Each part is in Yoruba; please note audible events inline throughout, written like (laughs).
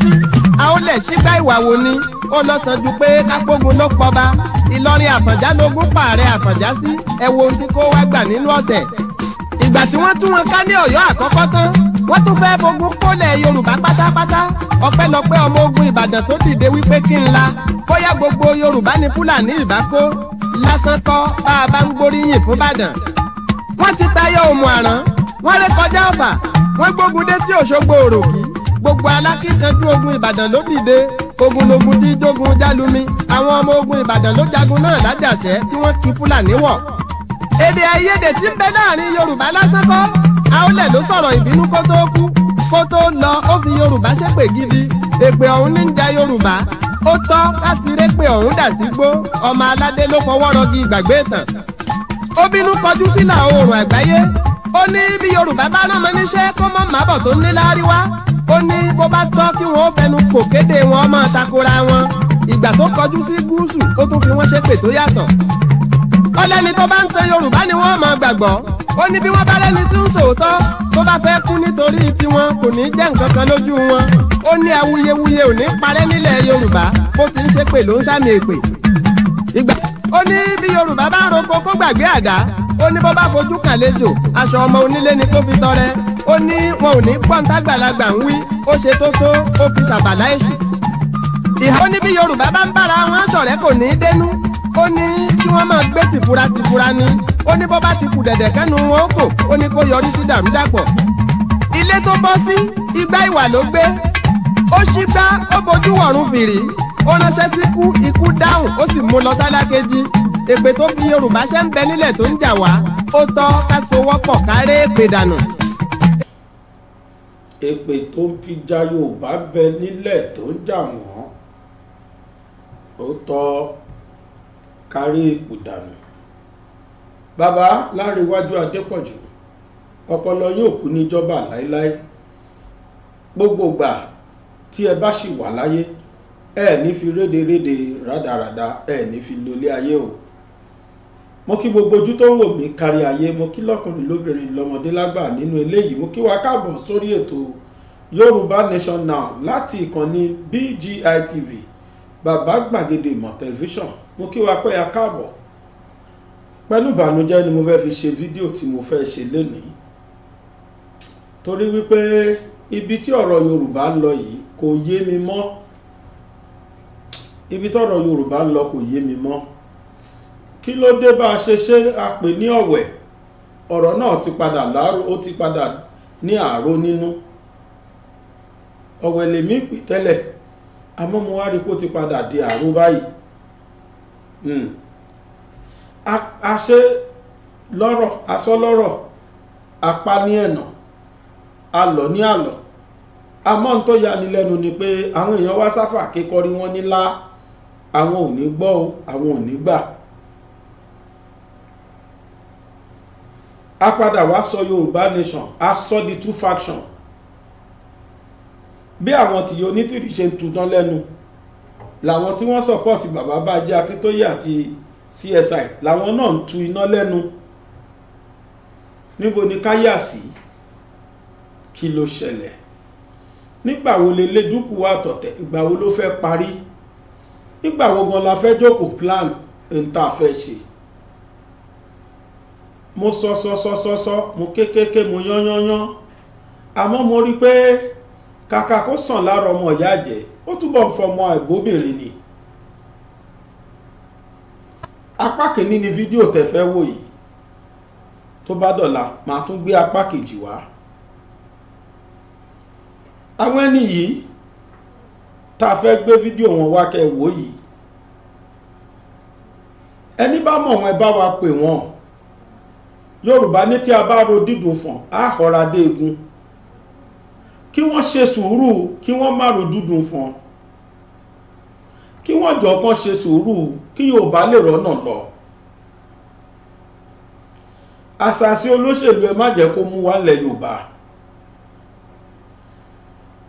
sí a ó lẹ̀ sígbà ìwà wo ni ó lọ sàn ju pé kápógun ló pọba ìlọrin àfọ̀njá lógún pààrẹ àfọ̀njá sí ẹ wo ohun tí kò wá gbà nínú ọ̀tẹ̀ ìgbà tí wọ́n tún wọn ká ní ọ̀yọ́ àkọ́kọ́ tán wọ́n tún fẹ́ fogun kólẹ̀ yorùbá pátápátá ọpẹ́lọpẹ́ ọmọ ogun ìbàdàn tó dìde wípé kí n la bóyá gbogbo yorùbá ni fúlàní ìbá lásán kọ́ bá a bá ń gbóríyìn fún ìbàdàn. wọ́n ti tayọ òmù àrán wọ́n rékọjá ọ̀fà wọ́n gbógun dé sí òṣogbo òròkì gbogbo alákìkanjú ogun ìbàdàn ló dìde ogunlogun tí jogun jálumi àwọn ọmọ ogun ìbàdàn ló jagun náà lájàṣẹ tí wọ́n kí fúlàní wọ̀. èdè àìyedè tí ń bẹ láàrin yorùbá lásán kọ́ àólẹ̀ ló sọ̀rọ̀ ìbínú kó tó kú kó tó lọ ó fi yorùbá ṣépè gidi èpè ọ̀hún ní ń ja yorùbá ó tọ́ láti ré pé ọ̀hún dà sí gbó ọmọ aládé ló fọwọ́ rọgí ìgbàgbé ìtàn ó bínú kọjú sílà oòrùn àgbáyé ó ní bí yorùbá bá rán mọ níṣẹ́ kó mọ́ màbọ̀ tó ní láárí wá ó ní bó bá tọ́ kí wọ́n fẹnu kò kéde wọn máa takora wọn ìgbà tó kọjú sí gúúsù ó tún fi wọ́n ṣépè tó yàtọ̀ ó tó bá ń ṣe yorùbá ni wọ́n máa gbàgbọ́ ó ní bí wọ́n bá lẹ́ni tí ń sòótọ́ tó bá fẹ́ kú nítorí tiwọn kò ní jẹ́ nǹkan kan lójú wọn ó ní awuyewuye ò ní parẹ́ nílẹ̀ yorùbá bó ti ń ṣépè ló ń sàmì èpè ìgbà ó ní bí yorùbá bá ń roko kó gbàgbé àdá ó ní bó bá fojú kàn aṣọ ọmọ onílé ni kó fi tọrẹ ó ní wọn ò ní pọ́ńtàgbàlagbà ń wí ó ṣe tó tó ó fi tàbàlá èṣù. ìhà ó ní bí yorùbá bá ń bára wọn ṣọ̀rẹ́ kò ní í dénú ó ní kí wọ́n máa gbé tìfura tìfura ni ó ní bó bá ti kù dẹ̀dẹ̀ kẹ́nu wọn ó kò ó ní kó yọrí sí dàrúdàpọ̀. ilé tó bọ́ sí igbá ìwà ló gbé ó ṣígbá ó bojú wọ̀run fìrí ó ránṣẹ́ síkú ikú dáhùn ó sì mú lọ sálákejì èpè tó fi yorùbá ṣẹ́ ń bẹ èpè tó ń fi ja Yorùbá bẹ nílẹ̀ tó ń jà wọ́n ó tọ́ kárí ipò dànù bàbá Láńrewájú Adépọ̀jù ọpọlọ yóò kú níjọba láéláé gbogbogbà tí ẹ bá sì wà láyé ẹ ní fi réderéde rádaràda ẹ ní fi lólé ayé o mo kí gbogbo ojú tó ń wò mí kárí ayé mo kí lọ́kùnrin lóbìnrin lọ́mọdé lágbà nínú eléyìí mo kí wa káàbọ̀ sórí ètò yorùbá nation now láti ìkànnì BGI TV bàbá gbàgede ìmọ̀ tẹlifíṣàn mo kí wa pé a káàbọ̀ pẹ̀lú ìbànújẹ́ ni mo fẹ́ fi ṣe fídíò tí mo fẹ́ ṣe lénìí torí wípé ibi tí ọ̀rọ̀ yorùbá ń lọ yìí kò yé mi mọ́ ibi tọ́rọ̀ yorùbá ń lọ kò yé mi mọ́ kí ló dé bá a ṣe ṣe a pè ní ọ̀wẹ̀ ọ̀rọ̀ náà ti padà láàrú ó ti padà ní àáró nínú ọ̀wẹ̀ lèmi pè tẹ́lẹ̀ àmọ́ mo ti padà di àáró báyìí hmm. a ṣe lọ́rọ̀ aṣọ lọ́rọ̀ apá ní ẹ̀nà alọ̀ ní alọ̀ àmọ́ n tó yani lẹ́nu ni pé àwọn èèyàn wá sáfà kékọrí wọn nílá àwọn ò ní gbọ́ àwọn ò ní gbà. a padà wá sọ yorùbá nation a sọ di two faction bí àwọn tí yóò nítìrì ṣe ń tután lẹ́nu làwọn tí wọ́n support bàbá bájí akíntóyè àti csi làwọn náà ń tu iná lẹ́nu níbo ni ká yà sí kí ló ṣẹlẹ̀ nígbà wo lè lédùkú àtọ̀tẹ̀ ìgbà wo ló fẹ́ parí nígbà wo gan la fẹ́ jókòó plan ń tá a fẹ́ ṣe mo sọ sọ sọ mo kékéké mo yányányán àmọ́ mo rí pé kàkà kó sàn lára ọmọ ìyá jẹ́ ó túbọ̀ ń fọmọ ẹ̀gbóbìnrin ni apá kìíní ni fídíò tẹ́ fẹ́ wò yìí tó bá dọ̀la màá tún gbé apá kejì wá àwọn ẹni yìí tá a fẹ́ gbé fídíò wọn wá kẹ́ wò yìí ẹni bá mọ̀ wọn ẹ bá wa pè wọ́n yorùbá ní tí a bá ro dídùn fọ̀n á họra dé egun kí wọ́n ṣe sùúrù kí wọ́n má ro dúdùn fọ̀n kí wọ́n jọ̀kan ṣe sùúrù kí yorùbá lè rọ́nà lọ àṣàṣì olóṣèlú ẹ má jẹ́ kó mú wá lẹ̀ yorùbá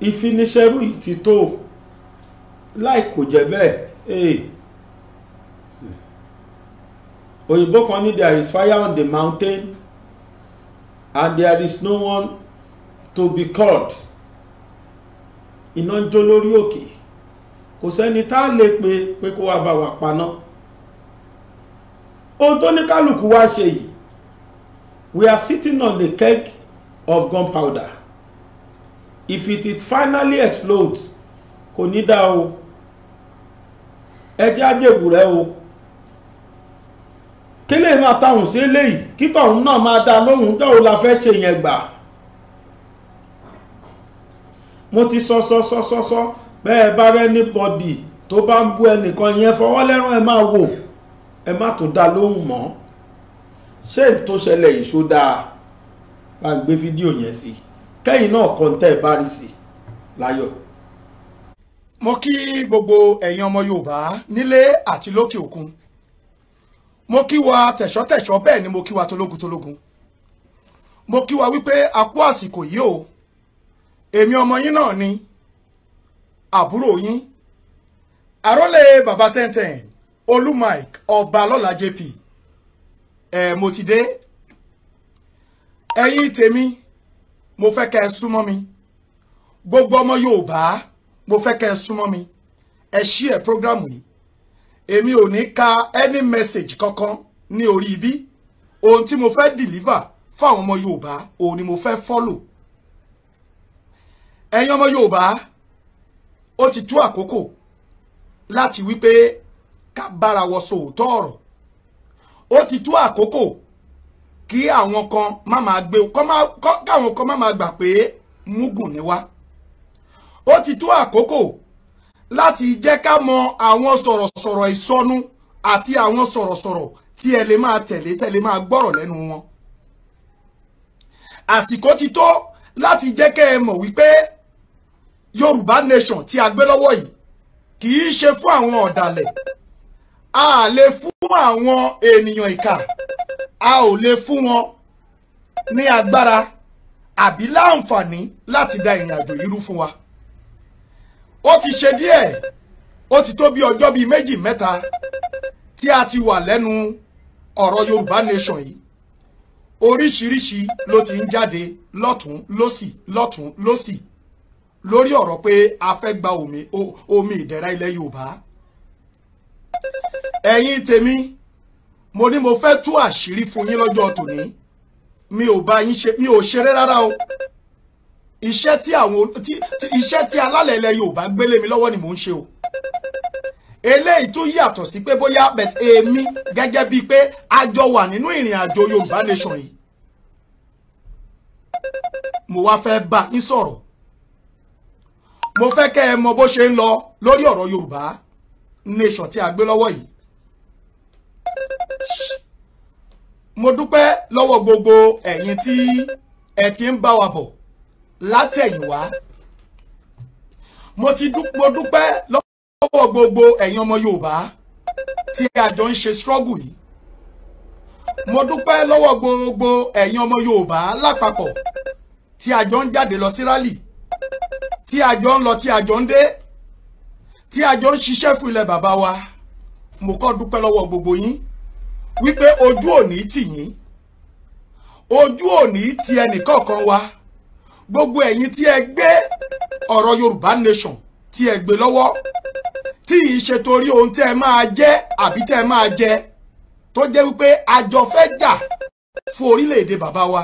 ìfiniṣẹ́rú yìí ti tó láì kò jẹ́ hey òyìnbó kan ní there is fire on the mountain and there is no one to be called iná ń jó lórí òkè kò sẹ́ni tá a lè pe pé kó wá bá wa paná ohun tó ní kálukú wá ṣe yìí we are sitting on the keg of gunpowder if it, it finally explodes kò ní dá o ẹ jẹ́ àjẹbù rẹ o. E kílè máa tahùn sí eléyìí kítọ̀ òun náà máa dá lóhùn dọ́wọ́ la fẹ́ ṣe yẹn gbà mo ti sọ sọ sọ sọ sọ bẹ́ẹ̀ bá rẹ́ni bọ́dì tó bá ń bú ẹnìkan yẹn fọwọ́ lẹ́rán ẹ máa wò ẹ má tó dá lóhùn mọ́ ṣé n tó ṣẹlẹ̀ yìí ṣó dáa bá ń gbé fídíò yẹn sí kẹ́yìn náà kọ́ńtẹ́ bá rí sí láyọ̀. mo kí gbogbo ẹ̀yin ọmọ Yorùbá nílé àti lókè òkun mo kí wa tẹ̀ṣọ́tẹ̀ṣọ́ bẹ́ẹ̀ ni mo kí wa tológun tológun mo kí wa wípé a kú àsìkò yìí o èmi ọmọ yín náà ni àbúrò yín àrólé bàbá tẹ́ntẹ́n olú ọba lọ́la jp ẹ̀ eh, mo ti dé ẹ̀yin tèmi mo fẹ́ kẹ́ ẹ súnmọ́ mi gbogbo ọmọ yorùbá mo fẹ́ kẹ́ ẹ súnmọ́ mi ẹ ṣí ẹ prógrámù yìí èmi ò ní ka any message kankan ní orí ibi ohun tí mo fẹ́ deliver fáwọn ọmọ Yorùbá òun ni mo fẹ́ follow ẹ̀yin ọmọ Yorùbá ó ti tó àkókò láti wípé ká bára wọ sòótọ́ ọ̀rọ̀ ó ti tó àkókò kí àwọn kan má máa gbé káwọn kan má máa gbà pé múgùn ni wá ó ti tó àkókò láti jẹ́ ká mọ àwọn sọ̀rọ̀sọ̀rọ̀ ìsọnù àti àwọn sọ̀rọ̀sọ̀rọ̀ tí ẹ lè máa tẹ̀lé tẹ̀lé máa gbọ́rọ̀ lẹ́nu wọn. àsìkò ti tó láti jẹ́ kẹ́ ẹ mọ̀ wípé Yorùbá nation tí a gbé lọ́wọ́ yìí kì í ṣe fún àwọn ọ̀dàlẹ̀ a lè fún àwọn ènìyàn ìkà a ò lè fún wọn ní agbára àbí láǹfààní láti da ìrìn àjò yìí fún wa ó ti ṣe díẹ̀ ó ti tó bí ọjọ́ bíi méjì mẹ́ta tí a ti wà lẹ́nu ọ̀rọ̀ Yorùbá nation yìí oríṣiríṣi ló ti ń jáde lọ́tún lọ́sì lọ́tún lọ́sì lórí ọ̀rọ̀ pé a fẹ́ gba omi omi ìdẹ̀ra ilẹ̀ Yorùbá ẹ̀yin tèmi mo ní mo fẹ́ tú àṣírí fún yín lọ́jọ́ tòní mi ò bá yín ṣe mi ò ṣeré rárá o iṣẹ́ tí àwọn tí iṣẹ́ tí alálẹ̀ ilẹ̀ Yorùbá gbélé mi lọ́wọ́ ni mò ń ṣe o eléyìí tún yàtọ̀ sí pé bóyá bet èmi gẹ́gẹ́ bíi pé a jọ wà nínú ìrìn àjò Yorùbá nation yìí mo wá fẹ́ bá yín sọ̀rọ̀ mo fẹ́ kẹ́ ẹ mọ bó ṣe ń lọ lórí ọ̀rọ̀ Yorùbá nation tí a gbé lọ́wọ́ yìí mo dúpẹ́ lọ́wọ́ gbogbo ẹ̀yin tí ẹ ti ń bá wa bọ̀ látẹ̀yìnwá mo ti mo dúpẹ́ lọ́wọ́ gbogbo ẹ̀yin ọmọ Yorùbá tí a jọ ń ṣe struggle yìí mo dúpẹ́ lọ́wọ́ gbogbo ẹ̀yin ọmọ Yorùbá lápapọ̀ tí a jọ ń jáde lọ sí rálì tí a jọ ń lọ tí a jọ ń dé tí a jọ ń ṣiṣẹ́ fún ilẹ̀ bàbá wa mo kọ́ dúpẹ́ lọ́wọ́ gbogbo yín wípé ojú òní tì yín ojú òní ti ẹnìkọ̀ọ̀kan wa gbogbo ẹ̀yin tí ẹ gbé ọ̀rọ̀ Yorùbá nation tí ẹ gbé lọ́wọ́ tí ì ṣe torí ohun tí ẹ máa jẹ àbí tí ẹ máa jẹ tó jẹ́ wípé àjọ fẹ́ jà fún orílẹ̀-èdè bàbá wa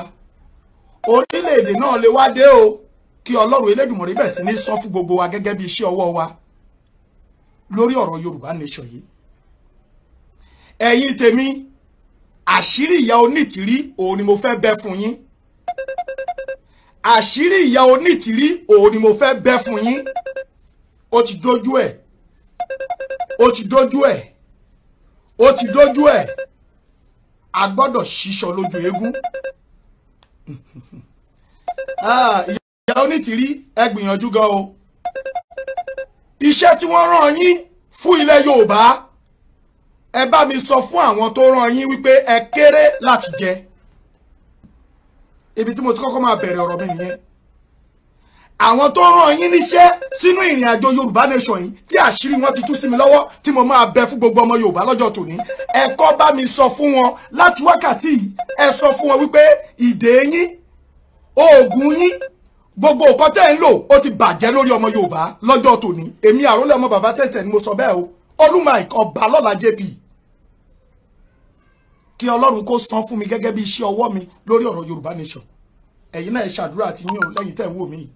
orílẹ̀-èdè náà lè wá dé o kí Ọlọ́run Elédùmarè bẹ̀rẹ̀ sí ní sọ fún gbogbo wa gẹ́gẹ́ bí iṣẹ́ ọwọ́ wa lórí ọ̀rọ̀ Yorùbá nation yìí ẹ̀yin tèmi àṣírí ìyá onítìrí òun ni mo fẹ́ bẹ́ fún yín àṣírí ìyá onítìrí òun ni mo fẹ́ bẹ́ fún yín ó ti dójú ẹ̀ ó ti dójú ẹ̀ ó ti dójú ẹ̀ a gbọ́dọ̀ ṣíṣọ lójú eégún (laughs) ah, ìyá onítìrí ẹ gbìyànjú gan o iṣẹ́ tí wọ́n rán yín fún ilẹ̀ Yorùbá ẹ bá mi sọ fún àwọn tó rán yín wípé ẹ kéré láti jẹ ibi tí mo ti kọ́kọ́ máa bẹ̀rẹ̀ ọ̀rọ̀ mi nìyẹn àwọn tó rán yín níṣẹ́ sínú ìrìn àjò yorùbá nation yìí tí àṣírí wọn ti tú sí mi lọ́wọ́ tí mo máa bẹ fún gbogbo ọmọ yorùbá lọ́jọ́ tòní ẹ kọ́ bá mi sọ fún wọn láti wákàtí yìí ẹ sọ fún wọn wípé ìdè yín oògùn yín gbogbo nǹkan tẹ́ ń lò ó ti bàjẹ́ lórí ọmọ yorùbá lọ́jọ́ tòní èmi àrólé ọmọ bàbá tẹ̀tẹ̀ ni mo sọ bẹ́ẹ̀ o olúmọ ọba lọ́la jp kí ọlọ́run kó san fún mi gẹ́gẹ́ bí iṣẹ́ ọwọ́ mi lórí ọ̀rọ̀ yorùbá nation ẹ̀yin náà ẹ ṣàdúrà àti yín o lẹ́yìn tẹ̀ ń wò mí yìí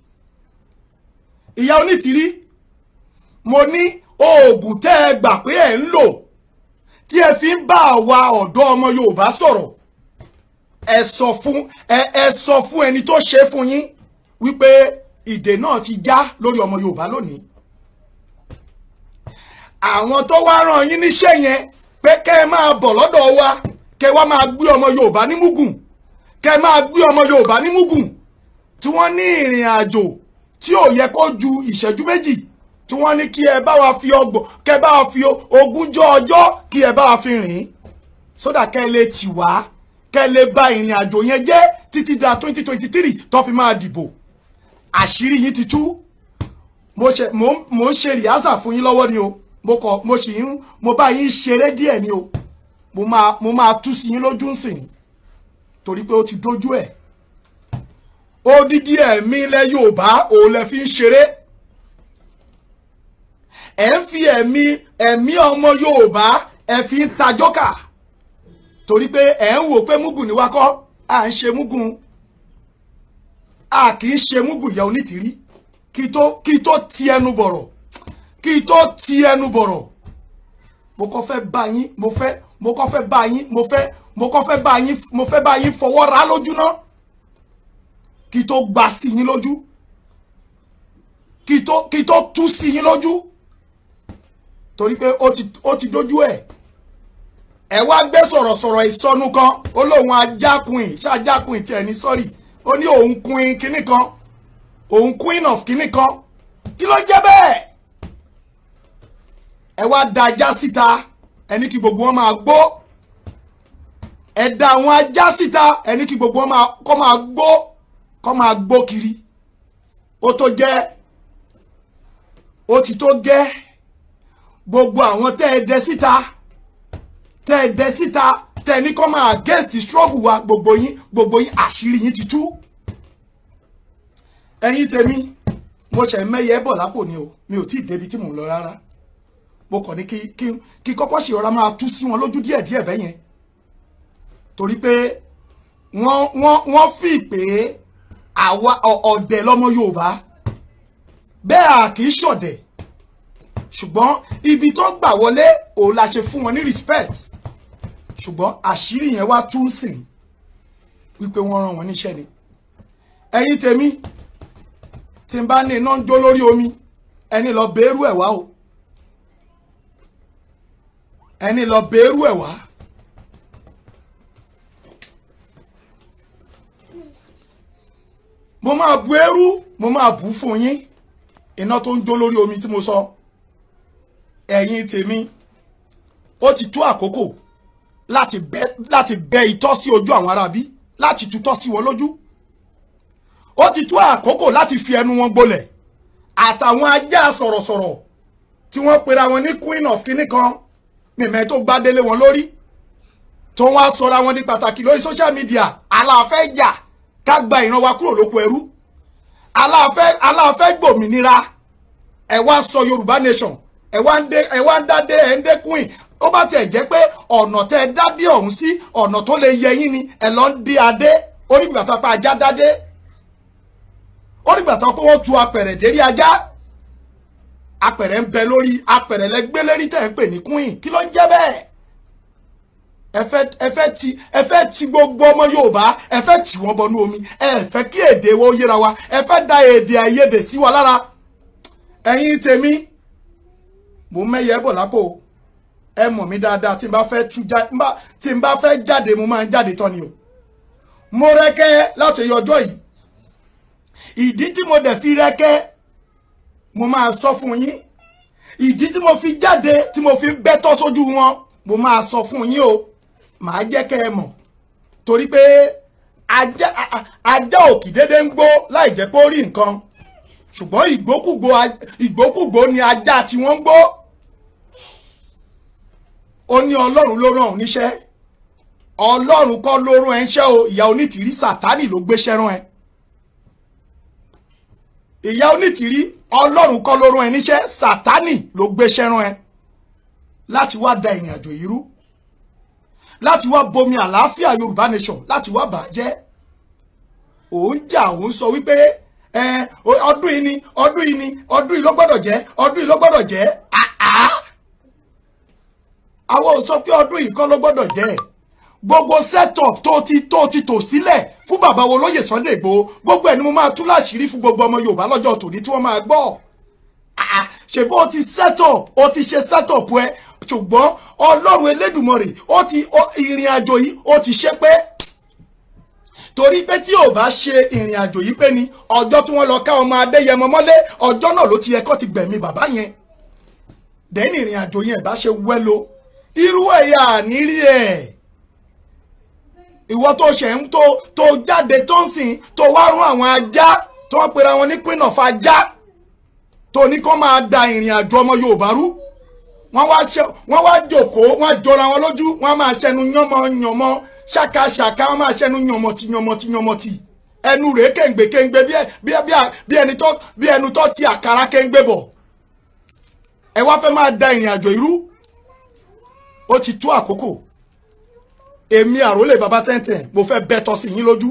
ìyá onítìrí mo ní oògùn tẹ́ ẹ gbà pé ẹ̀ ń lò tí ẹ fi ń bá àwa ọ̀dọ́ ọmọ yorùbá sọ̀rọ̀ ẹ sọ fún ẹ ẹ sọ fún ẹni tó ṣe fún yín wípé ìdè náà ti já lórí ọmọ yorùbá lónìí àwọn tó wá rán yín níṣẹ́ yẹn pé kẹ́ ẹ máa bọ̀ lọ́dọ̀ wa kẹ wá máa gbé ọmọ Yorùbá ní mugun kẹ máa gbé ọmọ Yorùbá ní mugun tí wọ́n ní ìrìn àjò tí ò yẹ kó ju ìṣẹ́jú méjì tí wọ́n ní kí ẹ bá wa fi ọgbọ̀n kẹ bá wa fi ogúnjọ́ ọjọ́ kí ẹ bá wa fi rìn sódà kẹ lè tì wá kẹ lè ba ìrìn àjò yẹn jẹ́ títí da 2023 twenty three tó fi máa dìbò àṣírí yín ti tú mo ń ṣe rìhásà fún yín lọ́wọ́ ni o mo kọ mo sì ń mo bá yín ṣeré díẹ̀ ni o mo máa mo máa tú sí yín lójú nsìn torí pé ó ti dójú ẹ̀ odidi ẹ̀mí ilẹ̀ Yorùbá òun lẹ fi ń ṣeré ẹ̀ ń fi ẹ̀mí ẹ̀mí ọmọ Yorùbá ẹ̀ fi ń ta jọ́kà torí pé ẹ̀ ń wò pé mugun ni wá kọ́ à ń ṣe mugun a kì í ṣe mugun ìyá onítìrí kí tó kí tó ti ẹnu bọ̀rọ̀ kí tó ti ẹnu bọ̀rọ̀ mo kọ́ fẹ́ bá yín mo fẹ́ mo kọ́ fẹ́ bá yín mo fẹ́ mo kọ́ fẹ́ bá yín mo fẹ́ bá yín fọwọ́ ra lójú náà kí tó gbà sí yín lójú kí tó kí tó tú sí yín lójú torí pé ó ti ó ti dójú ẹ̀ ẹ wá gbé sọ̀rọ̀sọ̀rọ̀ ìsọnù kan ó lóun ajákùnrin ṣáájákùnrin tiẹ̀ ní sọ́rí ó ní òun queen kinní kan òun queen of kinní kan kí ló jẹ́ bẹ́ẹ̀ ẹ wá da ajá síta. Si ẹni kí gbogbo wọn máa gbó ẹ̀dá àwọn ajá síta ẹni kí gbogbo wọn kọ́ máa gbó kọ́ máa gbó kiri ó tó jẹ́ ó ti tó gẹ́ gbogbo àwọn tẹ́ ẹ dẹ síta tẹ́ ẹ dẹ síta tẹ́ ẹ ní kọ́ máa against the struggle wa gbogbo yín gbogbo yín àṣírí yín ti tú ẹ̀yin tèmi mo ṣẹ̀ mẹ́yẹ bọ̀ lápò ni o mi ò tí ì débi tí mò ń lọ rárá mo kàn ní kí kí kí kọ́kọ́ ṣe ìrora máa tú sí wọn lójú díẹ̀díẹ̀ bẹ́yẹn torí pé wọ́n wọ́n wọ́n fi pé àwa ọ̀dẹ̀ lọ́mọ Yorùbá bẹ́ẹ̀ à kì í ṣọ̀dẹ̀ ṣùgbọ́n ibi tó gbà wọlé òun la ṣe fún wọn ní respect ṣùgbọ́n àṣírí yẹn wá tún sìn wípé wọ́n rán wọn níṣẹ́ ni ẹ̀yin tèmi tí n bá ní iná ń jó lórí omi ẹni lọ bẹ́ẹ̀rù ẹ̀ wá o ẹni lọ bẹ̀rù ẹ̀ wá. mo máa bu eérú mo máa bù fún yín iná tó ń jó lórí omi tí mo sọ ẹ̀yin tèmi ó ti tó àkókò láti bẹ itọ́ sí ojú àwọn aráabí láti tutọ́ sí wọn lójú ó ti tó àkókò láti fi ẹnu wọn gbolẹ̀ àtàwọn ajá sọ̀rọ̀sọ̀rọ̀ tí wọ́n pera wọn ní queen of kinní kan nìmẹ́ tó gbádélé wọn lórí tó wọ́n á sọra wọn ní pàtàkì lórí social media aláàfẹ́ jà ká gba ìran wa kúrò lóko ẹrú aláàfẹ́ aláàfẹ́ gbòmìnira ẹ wá sọ Yorùbá nation ẹ wá ń dé ẹ wá ń dádé ẹ ń dé queen ó bá tiẹ̀ jẹ́ pé ọ̀nà tẹ́ ẹ dádé ọ̀hún sí ọ̀nà tó lè yẹ yín ni ẹ lọ ń dí adé orí bàtà pa ajá dádé orí bàtà pé wọ́n tu apẹ̀rẹ̀ dérí ajá apẹ̀rẹ̀ ń bẹ lórí apẹ̀rẹ̀ lẹ́gbẹ́ lérí tẹ̀ ń pè ní queen kí ló ń jẹ́ bẹ́ẹ̀ ẹ fẹ́ ti ẹ fẹ́ ti gbogbo ọmọ Yorùbá ẹ fẹ́ tì wọ́n bọnú omi ẹ fẹ́ kí èdè wo yíra wa ẹ fẹ́ da èdè àìyedè sí wa lára ẹ̀yin tèmi mò ń mẹ́yẹ bọ̀ lápò ẹ mọ̀ mí dáadáa tí n bá fẹ́ tú tí n bá fẹ́ jáde mo máa ń jáde tán ni o mo rẹ́kẹ́ láti ọjọ́ yìí ìdí tí mo dẹ̀ fi rẹ́kẹ́ mo máa sọ fún yín ìdí tí mo fi jáde tí mo fi bẹ́tọ́ sójú wọn mo máa sọ fún yín o màá jẹ́ kẹ́ ẹ mọ̀ torí pé ajá òkì dédé ń gbó láì jẹ́ pé ó rí nǹkan ṣùgbọ́n ìgbókùgbó ni ajá tí wọ́n ń gbó ó ní ọlọ́run ló rán òun níṣẹ́ ọlọ́run kọ́ ló rán ẹ ń ṣẹ́ o ìyá onítìrí sátánì ló gbéṣẹ́ rán ẹ ìyá onítìrí ọlọ́run kọ́ ló rán ẹ níṣẹ́ sátánì ló gbéṣẹ́ rán ẹ láti wá da ìrìn àjò yìí láti wá bomi àlàáfíà yorùbá nation láti wá bàjẹ́ òun jà òun sọ wípé ẹ ọdún yìí ni ọdún yìí ni ọdún yìí ló gbọ́dọ̀ jẹ́ ọdún yìí ló gbọ́dọ̀ jẹ́ àwọn ò sọ pé ọdún yìí kọ́ ló gbọ́dọ̀ jẹ́ ẹ̀ gbogbo setup tó ti tó ti tò sílẹ̀ fún bàbá wo lóye Sunday Igboho gbogbo ẹ̀ ni mo máa tú láṣìírí fún gbogbo ọmọ Yorùbá lọ́jọ́ tòní tí wọ́n máa gbọ́ ah, ṣèbó o ti setup o ti ṣe setup ẹ ṣùgbọ́n Ọlọ́run Elédùmarè ó ti ìrìn àjò yìí ó ti ṣe pé torí pé tí ò bá ṣe ìrìn àjò yìí pé ni ọjọ́ tí wọ́n lọ ká ọmọ Adéyẹmọ mọ́lé ọjọ́ náà ló ti yẹ kó ti gbẹ̀mí bàbá yẹn dẹ́ni ìrìn àjò yẹn bá ṣe wẹ́lo irú ẹ̀yà àníri ìwọ tó ṣẹ̀ ń tó tó jáde tó ń sìn tó wá rún àwọn ajá tó wọ́n pera wọn ní queen of ajá tó ní kó máa da ìrìn àjò ọmọ Yorùbá rú wọ́n wá ṣe wọ́n wá jòkóó wọ́n jọra wọn lójú wọ́n máa ṣẹnu yánmọ yànmọ ṣàkàṣàkà wọ́n máa ṣẹnu yànmọtì yànmọtì yànmọtì ẹnu rèé kéǹgbé kéǹgbé bí ẹni tó ẹnu tó ti àkàrà kéǹgbé bọ̀ ẹ wá fẹ́ máa da ìrìn àjò irú ó ti tó àkókò èmi àrólé baba tẹ́ntẹ́n mo fẹ́ bẹ́ tọ́ sí yín lójú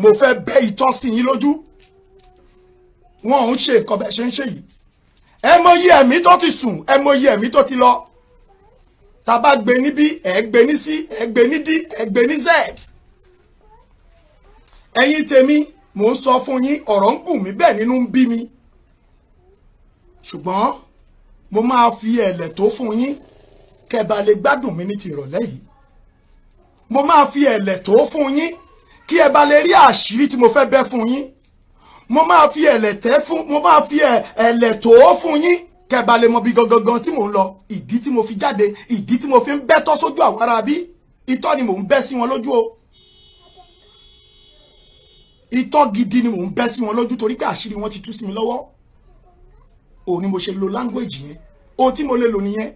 mo fẹ́ bẹ́ ìtọ́ sí yín lójú wọn ò ń ṣe nǹkan bẹ́ẹ̀ ṣe ń ṣe yìí ẹ mọyì ẹ̀mí tó ti sùn ẹ mọyì ẹ̀mí tó ti lọ tá bá gbé ní b ẹ gbé ní c ẹ gbé ní d ẹ gbé ní z ẹ̀yin tèmi mò ń sọ fún yín ọ̀rọ̀ ń gùn mí bẹ́ẹ̀ nínú ń bí mi ṣùgbọ́n mo máa fi ẹ̀lẹ̀ tó fún yín kẹba lè gbádùn mi ní ti ìrọ̀lẹ́ yìí mo máa fi ẹ̀lẹ̀ tó fún yín kí ẹ bá lè rí àṣírí tí mo fẹ́ bẹ́ fún yín mo máa fi ẹ̀lẹ̀ tẹ́ fún mo máa fi ẹ̀lẹ̀ tó fún yín kẹ́ bá lè mọ bí gangan tí mò ń lọ ìdí tí mo fi jáde ìdí tí mo fi ń bẹ́tọ́ sójú àwọn ará bí itọ́ ni mò ń bẹ́ sí wọn lójú o itọ́ gidi ni mò ń bẹ́ sí wọn lójú torí pé àṣírí wọn ti tú sí mi lọ́wọ́ òun ni mo ṣe lo language yẹn ohun tí mo lè lò nìyẹn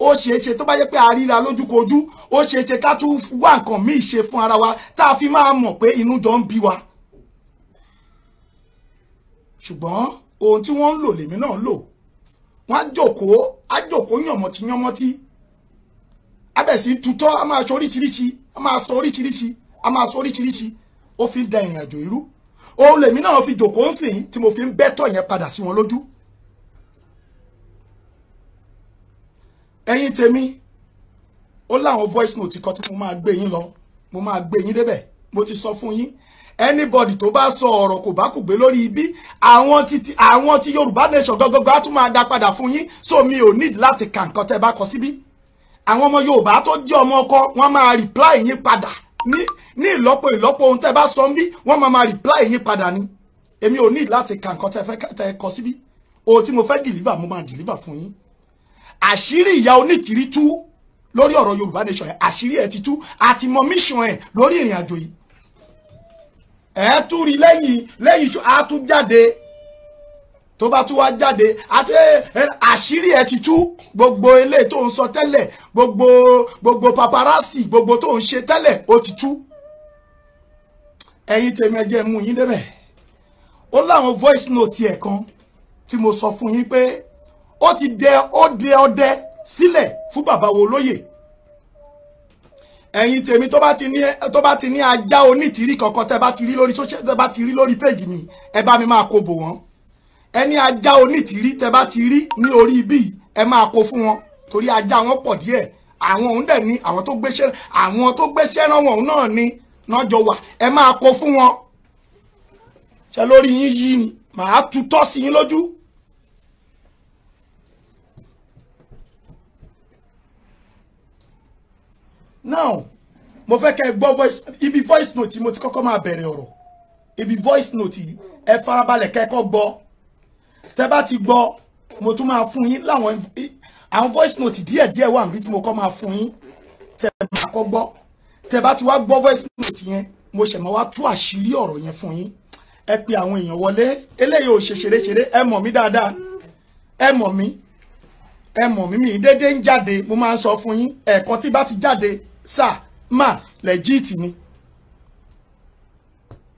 ó ṣeé ṣe tó bá jẹ́ pé a ríra lójúkojú ó ṣeé ṣe ká tún wá nǹkan míì ṣe fún ara wa tá a fi máa mọ̀ pé inú jọ ń bí wa ṣùgbọ́n ohun tí wọ́n ń lò lèmi náà lò wọ́n á jòkóó á jòkóó yànmọ́tí yànmọ́tí abẹ́sí tutọ́ a máa sọ oríṣiríṣi a máa sọ oríṣiríṣi a máa sọ oríṣiríṣi ó fi ń da ìrìn àjò irú ohun lèmi náà fi jòkóó ń sìn tí mo fi ń bẹ́tọ̀ yẹn padà sí wọn lójú ẹ̀yin tèmi ó láwọn voice note kan tí mo máa gbé yín lọ mo máa gbé yín débẹ̀ mo ti sọ fún yín anybody tó bá sọ ọ̀rọ̀ kò bá kò gbé lórí ibi àwọn titi àwọn ti yorùbá nation gbọgbọgbọ á tún máa dá padà fún yín so mi ò need láti kà nǹkan tẹ́ bá kọ síbí àwọn ọmọ yorùbá tó jẹ́ ọmọ ọkọ wọ́n máa reply yín padà ní ní ìlọ́pọ̀ ìlọ́pọ̀ ohun tẹ́ bá sọ ń bí wọ́n máa máa reply yín padà ni èmi ò need láti kà nǹkan tẹ́ fẹ́ tẹ́ kọ síbí ohun tí mo fẹ́ deliver mo máa deliver fún yín àṣírí ìyá onítìrí tú lórí ọ̀rọ̀ yorùbá nation ẹ̀ àṣírí ẹ̀ ti tú àti mọ mission ẹ̀ lórí ìrìn àjò yìí ẹ̀ tún rí lẹ́yìn lẹ́yìn tó a tún jáde tó bá tún wá jáde àṣírí ẹ̀ ti tú gbogbo eléyìí tó ń sọ tẹ́lẹ̀ gbogbo gbogbo paparazzi gbogbo tó ń ṣe tẹ́lẹ̀ ó ti tú ẹ̀yin tèmi ẹ mú yín débẹ̀ ó láwọn voice note ẹ̀ kan tí mo sọ fún yín pé ó ti dẹ ọdẹ ọdẹ sílẹ̀ fún bàbá wo lóyè ẹ̀yin tèmi tó bá ti ní tó bá ti ní ajá onítìrí kankan tẹ́ bá ti rí lórí social tẹ́ bá ti rí lórí péjì mi ẹ bá mi máa kó bò wọ́n ẹni ajá onítìrí tẹ́ bá ti rí ní orí ibí ẹ máa kó fún wọn torí ajá wọn pọ̀ díẹ̀ àwọn òun dẹ̀ ni àwọn tó gbéṣẹ́ àwọn tó gbéṣẹ́ rán wọn náà ni náà jọ wà ẹ máa kó fún wọn ṣe lórí yín yí ni màá tutọ́ sí yín lójú now mo fẹ́ kẹ́ gbọ́ voice ibi voice note yìí mo ti kọ́kọ́ máa bẹ̀rẹ̀ ọ̀rọ̀ ibi voice note yìí ẹ farabalẹ̀ kẹ́kọ́ gbọ́ tẹ́ bá ti gbọ́ mo tún máa fún yín láwọn àwọn voice note díẹ̀ díẹ̀ wà níbi tí mo kọ́ máa fún yín tẹ́ máa kọ́ gbọ́ tẹ́ bá ti wá gbọ́ voice note yẹn mo ṣẹ̀ máa wá tú àṣírí ọ̀rọ̀ yẹn fún yín ẹ pe àwọn èèyàn wọlé eléyìí ò ṣe ṣeréṣeré ẹ mọ̀ mí dáadáa ẹ mọ̀ mí ẹ mọ̀ mí mi déédéé ń jáde mo máa ń sọ fún yín ẹ̀ẹ̀kan tí bá ti jáde sà má lẹ́jíìtì ni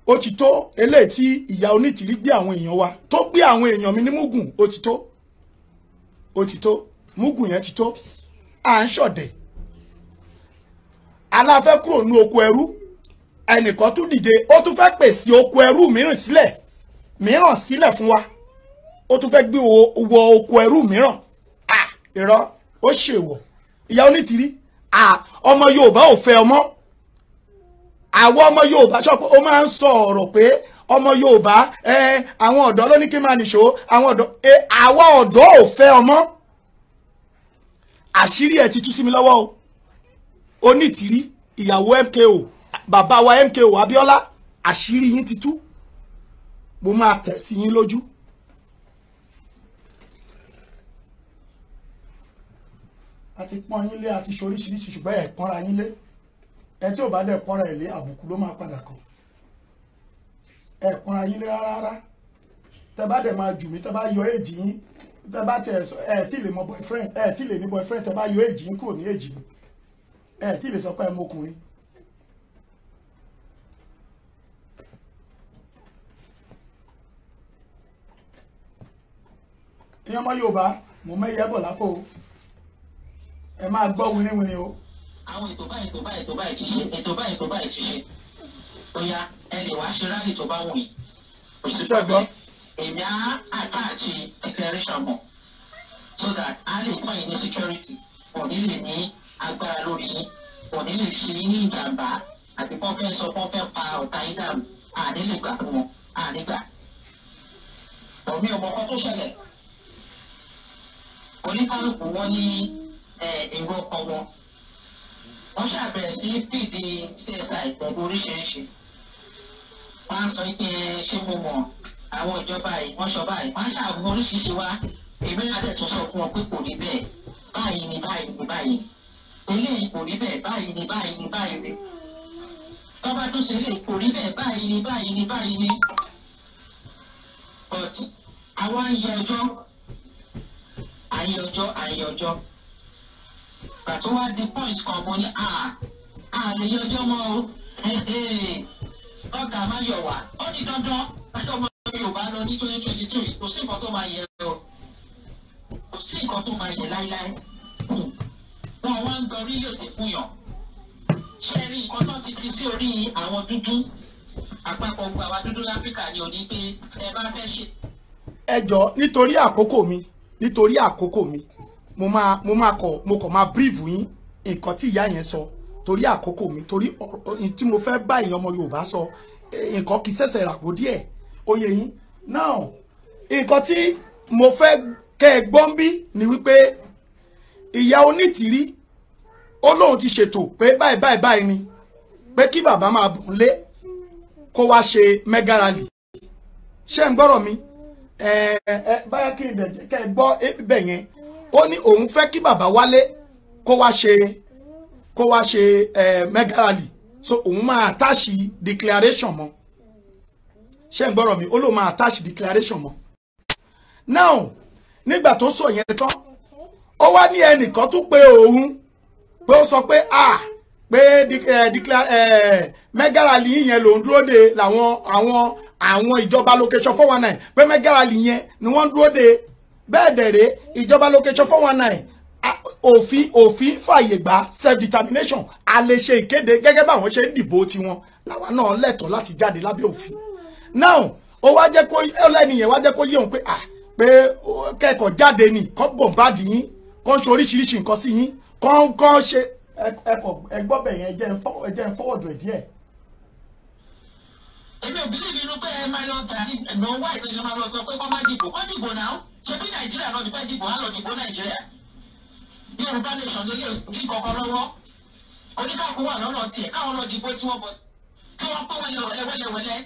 ó ti tó eléyìí tí ìyá onítìrí gbé àwọn èèyàn wa tó gbé àwọn èèyàn mi ní mugun ó ti tó ó ti tó mugun yẹn ti tó à ń ṣọ̀dẹ̀ aláfẹ́ kúrò ní oko ẹrú ẹnìkan tún dìde ó tún fẹ́ pèsè oko ẹrú mìíràn sílẹ̀ mìíràn sílẹ̀ fún wa ó tún fẹ́ gbé wọ oko ẹrú mìíràn à irọ́ ó ṣèwọ̀ ìyá onítìrí ọmọ Yorùbá ò fẹ́ ọmọ àwọn ọmọ Yorùbá ṣọpọ ó máa ń sọ ọ̀rọ̀ pé ọmọ Yorùbá àwọn ọ̀dọ́ ló ní kí n máa nìṣó àwọn ọ̀dọ́ àwọn ọ̀dọ́ ò fẹ́ ọmọ àṣírí ẹ̀ ti tú sí mi lọ́wọ́ o onítìrí ìyàwó MKO bàbá wa MKO Abíọ́lá àṣírí yín ti tú mo máa tẹ̀ sí yín lójú àti pọ́n yín lé àti ṣoríṣiríṣi ṣùgbọ́n ẹ̀ pọ́nra yín lé ẹ tí ò bá dẹ̀ pọ́nra ẹ̀ lé àbùkù ló máa padà kàn ẹ̀ pọ́nra yín lé rárá tẹ bá dẹ̀ máa jù mí tẹ bá yọ èjì yín tẹ bá tẹ ẹ̀ tí lè mọ boyfriend ẹ̀ tí lè ní boyfriend tẹ bá yọ èjì yín kúrò ní èjì mi ẹ̀ tí lè sọ pé ẹ mọkùnrin ìyẹn ọmọ Yorùbá mo mẹ́yẹ́ bọ̀ lápò o ẹ máa gbọ́ winiwini o. àwọn ètò báyìí tó báyìí tó báyìí ti ṣe ètò báyìí tó báyìí ti ṣe bóyá ẹ lè wá ṣe rálì tó bá wù yín. òṣìṣẹ́ gbọ́. èmi á àtàtì declaration mọ̀ so that a lè kọ́ yín ní security òní lè ní agbára lórí yín òní lè ṣe yín ní ìjàmbá àti kọ́ fẹ́ sọ kọ́ fẹ́ pa ọ̀tá yín dànù àní lè gbà fún wọn àní gbà. òmí ọmọ kan tó ṣẹlẹ̀ oníkálukú wọn ní ìwọ ọkọ wọn wọ́n ṣàbẹ̀rẹ̀ sí pìdí csi pẹ̀lú oríṣiríṣi wọ́n á sọ pé ṣé mo mọ̀ àwọn ìjọba yìí wọ́n sọ báyìí wọ́n á ṣàwọn oríṣiríṣi wá èmi náà dẹ̀ sọ fún ọ pé kò rí bẹ́ẹ̀ báyìí ni báyìí ni báyìí eléyìí kò rí bẹ́ẹ̀ báyìí ni báyìí ni báyìí ni tọ́ba tó ṣe eléyìí kò rí bẹ́ẹ̀ báyìí ni báyìí ni báyìí ni but àwa ń ọjọ́ àyè ọjọ́ àyè ọjọ́ pàtó wá di point kan mo ní à à lè yọjọ́ mọ́ o ọ̀gá má yọ̀ wá ó di dandan ọjọ́ ọmọ Yorùbá lọ ní twenty twenty two kò sí nǹkan tó máa yẹ o kò sí nǹkan tó máa yẹ láíláí wọn wá ń gbọrí yòókè fún yàn ṣé nǹkan tó ti fi sí orí àwọn dúdú àpapọ̀ gbogbo àwa dúdú láfíríkà ni ò pé ẹ bá fẹ́ ṣe. ẹ jọ nítorí àkókò mi nítorí àkókò mi mo máa mo máa kọ mo kọ máa brief yín nǹkan tí ìyá yẹn sọ torí àkókò mi torí tí mo fẹ́ bá èèyàn ọmọ Yorùbá sọ nǹkan kì í ṣẹ̀ṣẹ̀ ràpò díẹ̀ ó yé yín now nǹkan tí mo fẹ́ kẹ́ ẹ gbọ́n bí ni wípé ìyá onítìrí ó lóun ti ṣètò pé báyìí báyìí báyìí ni pé kí bàbá máa bùn lé kó wá ṣe mega rally ṣé ń gbọ́rọ̀ mi báyà kí n dẹ̀ kẹ́ ẹ gbọ́ ibẹ̀ yẹn ó ní òun fẹ́ kí bàbá wálé kó wá ṣe kó wá ṣe mega rally so òun máa attach declaration mọ́ ṣé ń gbọ́rọ̀ mi ó ló máa attach declaration mọ́ now nígbà tó sọ yẹn tán ó wá ní ẹnìkan tún pé òun pé ó sọ pé ah pé mega rally yẹn lòún dúró de làwọn àwọn àwọn ìjọba location four one nine pé mega yẹn ni wọ́n dúró de bẹ́ẹ̀ dẹ̀rẹ́ ìjọba location four one nine òfin òfin fàyè gba self determination a lè ṣe ìkéde gẹ́gẹ́ báwọn ṣe ń dìbò tiwọn làwa náà lẹ́tọ̀ọ́ láti jáde lábẹ́ òfin now ó wá jẹ́ kó ẹlẹ́niyẹn wá jẹ́ kó yé òun pé à pé kẹ́kọ̀ọ́ jáde ni kọ́ bọ̀m̀báàdì yín kọ́ ń ṣe oríṣiríṣi nǹkan sí yín kọ́ ń kọ́ ṣe ẹ̀kọ́ ẹgbọ́ bẹ̀ yẹn ẹ jẹ́ ń fọwọ́dù ẹ̀ díẹ̀. èmi ò bí lè bínú pé ẹ máa lọ tàbí ẹ̀gbọ́n ṣé bí nàìjíríà náà nípa ìdìbò á lọ dìbò nàìjíríà yorùbá nation lè bí kankan lọ́wọ́ oníkàkú wà lọ́nà tiẹ̀ káwọn lọ dìbò tí wọ́n bọ̀ tí wọ́n pé wọ́n wẹ́lẹ́wẹ́lẹ́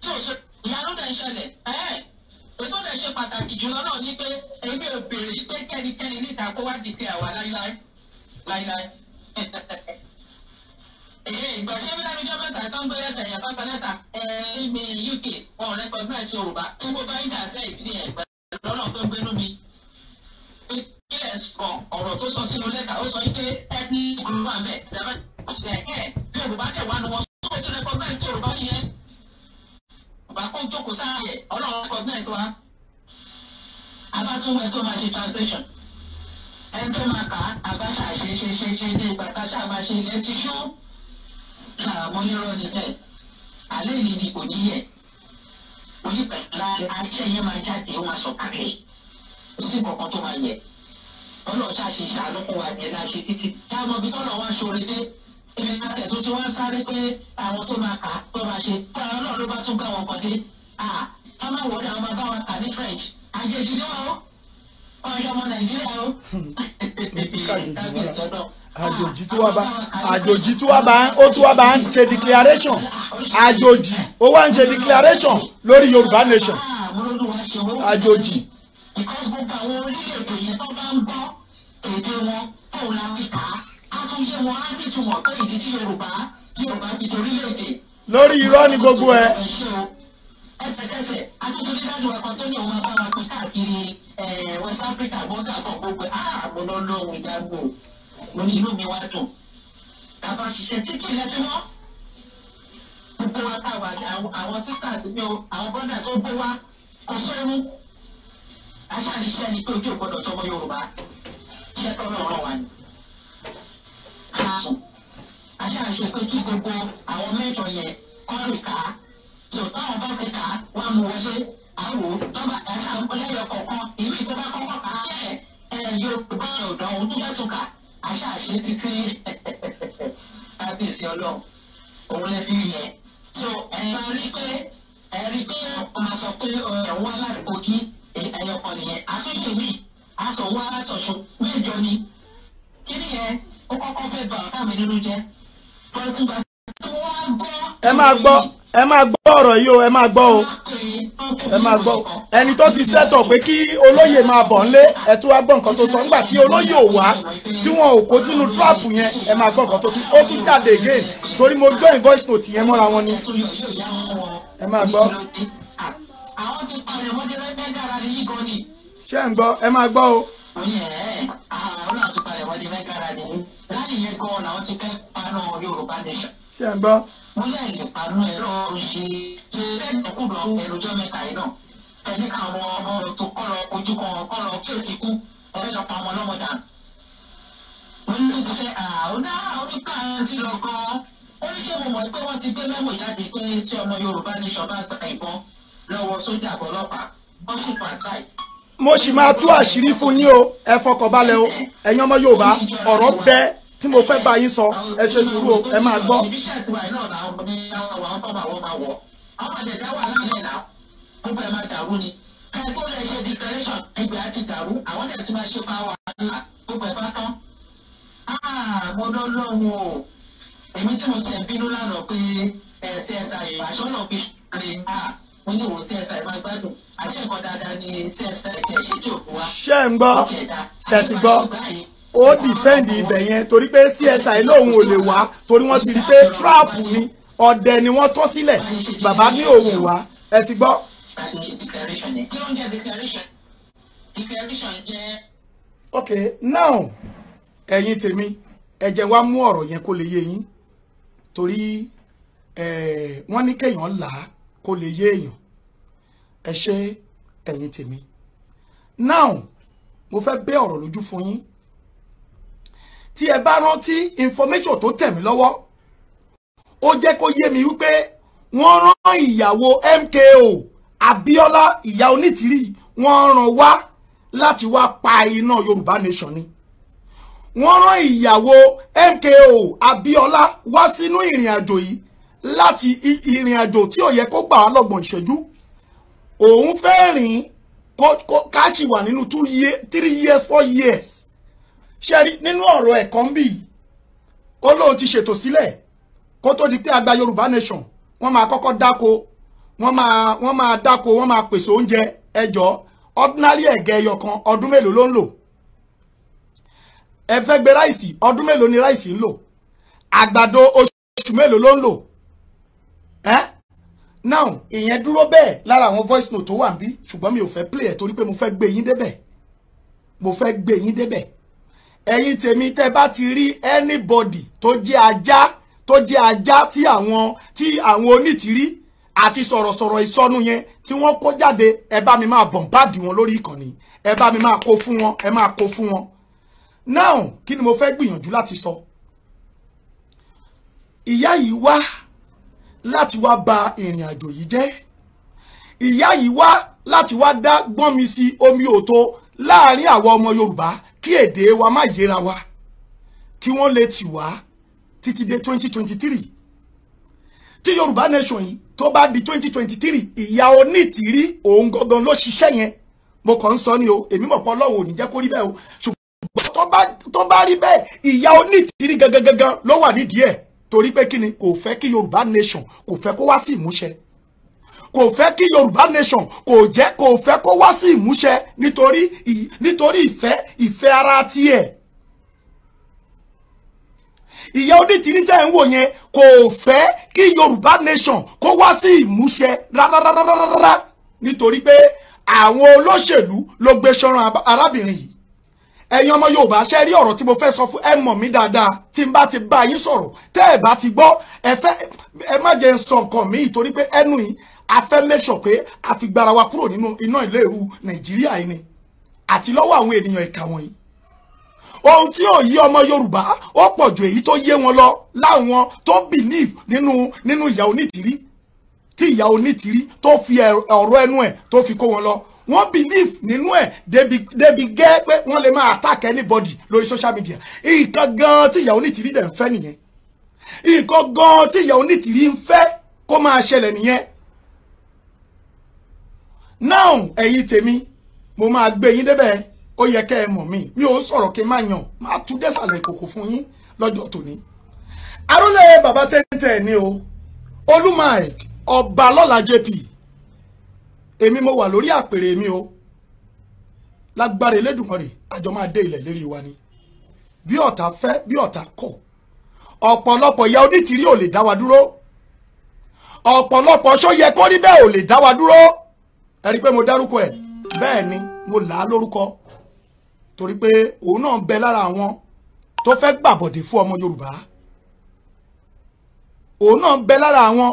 tí ò ṣe ìyanu dẹ̀ ń ṣẹlẹ̀ ẹ̀ẹ́ ètò dẹ̀ ṣe pàtàkì jùlọ náà ní pé èmi ò béèrè pé kẹ́nikẹ́ni níta kó wá dìde àwa láíláí láíláí (laughs) ìgbà ṣé bí lẹ́nu jẹ́ mẹ́ta tó ń gbé lẹ́tà yẹn pápá lẹ́tà ẹ̀ẹ́mì UK wọn ò rẹ́kọ̀gbẹ́sì Yorùbá tó gbogbo ayé dà sẹ́yìn tí ẹ̀ gbẹ́ lọ́nà tó gbénú mi yes kan ọ̀rọ̀ tó sọ sínú lẹ́tà ó sọ pé ẹni olúwa mẹ́ ìjàmbá kò sí ẹ̀kẹ́ bí yorùbá tẹ̀ wá nu wọn tó tó rẹ kọ́gbẹ́ tí yorùbá yẹn bàbá kó jókòó sáàyè ọlọ́run kọ́gbẹ́ sí wa abátúwẹ̀ tó máa ṣe translation ẹni tó máa kà á abáṣà ṣe ṣe ṣe ṣe ṣe ìgbà tá a ṣáà máa ṣe ilẹ̀ ti ṣú làwọn onírọ̀ níṣẹ́ àlẹ́ onígbàgbà ajé yẹn máa jáde ó máa sọ̀kalẹ̀ ó sì kọ̀ọ̀kan tó máa yẹ ọlọ́ọ̀ta ṣe ìṣàánú fún wa yẹn náà ṣe títí. táwọn ọmọ ibi tọ́lọ̀ wá ṣoore dé ibi láti ẹ̀tún tí wọ́n sáré pé àwọn tó máa kà tó máa ṣe pé àwọn náà ló bá tún bá wọn kàn dé. ká má wọlé àwọn máa bá wọn kà ní french àjèjì ni wọn o ọ̀yọ́ ọmọ nàìjíríà o àjòjì tí wàá bá àjòjì tí wàá bá ó tí wàá bá ń ṣe declaration àjòjì ó wá ń ṣe declaration lórí Yorùbá nation àjòjì. ìkọ́ gbogbo àwọn orílẹ̀-èdè yẹn tó bá ń gbọ́ èdè wọn kó la fi kà á á tún yé wọn á nítumọ̀ pé ìdí tí Yorùbá Yorùbá ti dorílẹ̀-èdè. lórí irọ́ ni gbogbo ẹ. ẹsẹ̀kẹsẹ̀ adúgbòdì dájú ẹ̀kọ́ tó ní òun máa bá wa pín káàkiri West Africa bọ́ńdà kan gbogbo àmúlọ́lọ́hùn ìdágbò mo ní inú mi wá dùn bàbá ṣiṣẹ́ tí kì í lẹ́jọ́ gbogbo wa tá a wà àwọn sisters mi o àwọn brothers ó gbé wa kò sẹ́nu aṣááṣiṣẹ́ ni pé ojú ògbọ́dọ̀ tọmọ Yorùbá iṣẹ́ tọ́lọ̀ ọ̀rọ̀ wa ni aṣááṣe pé kí gbogbo àwọn mẹ́jọ yẹn kọ́ lè kà á tó táwọn bá ti kà á wá mú wọlé àwò tọ́ba ẹ̀ka lẹ́yọ̀ kọ̀ọ̀kan ìlú ìjọba kọ́kọ́ kà á kẹ́ ẹ̀ Yorùbá ọ̀dọ́ ohun tó bá tún kà á aṣáṣe títí kábíyèsí ọlọ́run òun ẹbí yẹn so ẹ rí pé ẹ pé ọkọ máa sọ pé ẹ̀wọ̀n aládùúgbò kí ẹ̀yọkọ nìyẹn àtúnṣe mi aṣọ wọn mẹ́jọ ni kí nìyẹn ó kọ́kọ́ fẹ́ bá ọ̀tá mi nínú jẹ́ pẹ̀lú tí wọ́n á gbọ́. ẹ máa gbọ́ ẹ máa gbọ́ ọ̀rọ̀ yìí o ẹ máa gbọ́ o ẹ máa gbọ́ ẹni tó ti sẹ́tọ̀ pé kí olóyè máa bọ̀ ńlé ẹ tún wá gbọ́ nǹkan tó sọ nígbà tí olóyè ò wá tí wọn ò kó sínú tíráàpù yẹn ẹ máa gbọ́ nǹkan tó tún ó tún jáde again torí mo join voice note yẹn mọ́ra wọn ni ẹ máa gbọ́. ṣé ń gbọ́ ẹ máa gbọ́ o. àwọn àtúntà ìwádìí mẹ́ta rà ní láyé yẹn gan làwọn ti fẹ́ panu Yorùbá nation ṣe ń gbọ́. bóyá ilé ìpanu ẹ̀rọ ọ̀run ṣe ṣe lẹ́yìn ọkùnrin mẹ́ta yìí náà ẹni káwọn ọmọ tó kọ́lọ̀ ojú kan kọ́lọ̀ kí o sì kú ọ̀rẹ́ lọ pa ọmọ lọ́mọ dà. wọ́n ní ti fẹ́ àhóná oníkà ti lọ gan-an ó ní ṣé mo mọ̀ pé wọ́n ti gbé mẹ́mọ̀ jáde pé tí ọmọ Yorùbá ní ṣọba gba ìbọn lọ́wọ́ sójà bọ́lọ́pàá mo sì máa tú àṣírí fún yín o ẹ fọkàn balẹ̀ o ẹ̀yin ọmọ Yorùbá ọ̀rọ̀ bẹ́ẹ̀ tí mo fẹ́ bá yín sọ ẹ ṣe sùúrù ẹ máa gbọ́. èmi tí mo ti ẹ̀ bínú lánàá pé ẹ̀ CSI àṣọ́nà bí ṣe à mo ní ìwò CSI máa gbádùn àti ẹ̀kọ́ dáadáa ni CSI kẹ̀ ṣe tí òkú wa. ṣé ń gbọ́ ṣe ti gbọ́ ó dìfẹ́ǹdì ibẹ̀ yẹn torí pé CSI lòun ò lè wá torí wọ́n ti rí pé trap ni ọdẹ ni wọ́n tó sílẹ̀ bàbá ní òun wá ẹ ti gbọ́. ok now ẹ̀yin tèmi ẹ jẹ́ wá mú ọ̀rọ̀ yẹn kó lè yé yín torí wọ́n ní kéèyàn là á kó lè yé èèyàn ẹ ṣe ẹ̀yin tèmi now mo fẹ́ bẹ́ ọ̀rọ̀ lójú fún yín tí ẹ bá rántí information tó tẹ̀ mí lọ́wọ́ ó jẹ́ kó yé mi wípé wọ́n rán ìyàwó MKO abiola ìyá onítìrí wọ́n rán wá láti wá pa iná Yorùbá nation ni wọ́n rán ìyàwó MKO abiola wá sínú ìrìn àjò yìí láti ìrìn àjò tí ò yẹ kó gbà wá lọ́gbọ̀n ìṣẹ́jú òun fẹ́ rìn káàṣì wà nínú two years three years four years ṣẹ́rí nínú ọ̀rọ̀ ẹ̀kọ́ ń bì í ó lóun ti ṣètò sílẹ̀ kó tó di pé àgbà Yorùbá nation wọ́n máa kọ́kọ́ dáko wọ́n máa wọ́n máa dáko wọ́n máa pèsè oúnjẹ ẹjọ́ ordinary ẹ̀gẹ́ ẹyọ kan ọdún mélòó ló ń lò ẹ gbé ráìsì ọdún mélòó ni ráìsì ń lò àgbàdo oṣù mélòó ló ń lò ẹ́ now ìyẹn dúró bẹ́ẹ̀ lára àwọn voice note tó wà níbí ṣùgbọ́n mi ò fẹ́ play ẹ̀ torí pé mo fẹ́ gbé yín débẹ̀ mo fẹ́ gbé yín débẹ̀ ẹ̀yin tèmi tẹ́ bá ti rí anybody tó jẹ́ ajá tó jẹ́ ajá tí àwọn tí àwọn onítìrí àti sọ̀rọ̀sọ̀rọ̀ ìsọnù yẹn tí wọ́n kó jáde ẹ bá mi máa bọ̀m̀báàdì wọn lórí ìkànnì ẹ bá mi máa kó fún wọn ẹ máa kó fún wọn. now kí ni mo fẹ́ gbìyànjú láti sọ ìyá yìí wá láti wá ba ìrìn àjò yìí jẹ́ ìyá yìí wá láti wá dá gbọ́n mi sí omi òtó láàrin àwọn ọmọ Yorùbá kí èdè wa má yéra wa kí wọ́n lè tì wá títí dé twenty twenty three tí yorùbá nation yìí tó bá di twenty twenty three ìyá onítìrí òun gangan ló ṣiṣẹ́ yẹn mo kàn ń sọ ni o èmi mọ̀ pé ọlọ́run ò jẹ́ kó rí bẹ́ẹ̀ o ṣùgbọ́n tó bá rí bẹ́ẹ̀ ìyá onítìrí gangan gangan ló wà nídìí ẹ̀ torí pé kí ni kò fẹ́ kí yorùbá nation kò fẹ́ kó wá sí ìmúṣẹ kò fẹ́ kí yorùbá nation kò jẹ́ kò fẹ́ kó wá sí ìmúṣẹ nítorí nítorí ìfẹ́ ìfẹ́ ara tiẹ̀ ìyá onítìrí tẹ́ ń wò yẹn kò fẹ́ kí yorùbá nation kó wá sí ìmúṣẹ rárárárárá nítorí pé àwọn olóṣèlú ló gbé ṣọ̀ràn arábìnrin yìí ẹ̀yin ọmọ yorùbá ṣe rí ọ̀rọ̀ tí mo fẹ́ sọ fún ẹ mọ̀ mí dáadáa tí n bá ti bá yín sọ̀rọ̀ tẹ́ ẹ bá ti gbọ́ ẹ fẹ́ ẹ má jẹ́ sọ nǹkan mi pé ẹnu yìí a fẹ́ make sure pé a fi gbara wa kúrò nínú iná ilé ìrú nàìjíríà yìí ni àti lọ́wọ́ àwọn ènìyàn ìka wọ̀nyí ohun tí ò yí ọmọ yorùbá ó pọ̀ ju èyí tó yé wọn lọ láwọn tó believe nínú nínú ìyà onítìrí tí ìyà onítìrí tó fi ọ̀rọ̀ ẹnu ẹ̀ tó fi kó wọn lọ wọ́n believe nínú ẹ̀ débi gẹ́ pé wọ́n lè máa attack anybody lórí social media nǹkan gan tí ìyà onítìrí dẹ̀ ń fẹ́ nìyẹn nǹkan gan tí ìyà onítìrí ń fẹ́ kó máa ṣẹlẹ̀ nìyẹn now ẹ̀yin tèmi mo máa gbé yín débẹ̀ ó yẹ kẹ́ ẹ mọ̀ mi mi ò sọ̀rọ̀ kí n má yàn máa tú désàlẹ̀ ìkòkò fún yín lọ́jọ́ tòní. arúlé bàbá tẹ́tẹ́ ni o olúmọ ọba lọ́la jp èmi mo wà lórí àpèrè mi o lágbára Elédùmarè àjọ máa dé ilẹ̀ lérí wa ni bí ọ̀tá fẹ́ bí ọ̀tá kọ̀ ọ̀pọ̀lọpọ̀ ìyá onítìrí ò lè dá wa dúró ọ̀pọ̀lọpọ̀ ṣó yẹ kó rí bẹ́ẹ̀ ò lè dá wa dúró ẹ̀rí pé mo dárúkọ ẹ̀ bẹ́ẹ̀ ni mo là á lórúkọ torí pé òun náà ń bẹ lára àwọn tó fẹ́ gbàbọ̀dé fún ọmọ Yorùbá òun náà ń bẹ lára àwọn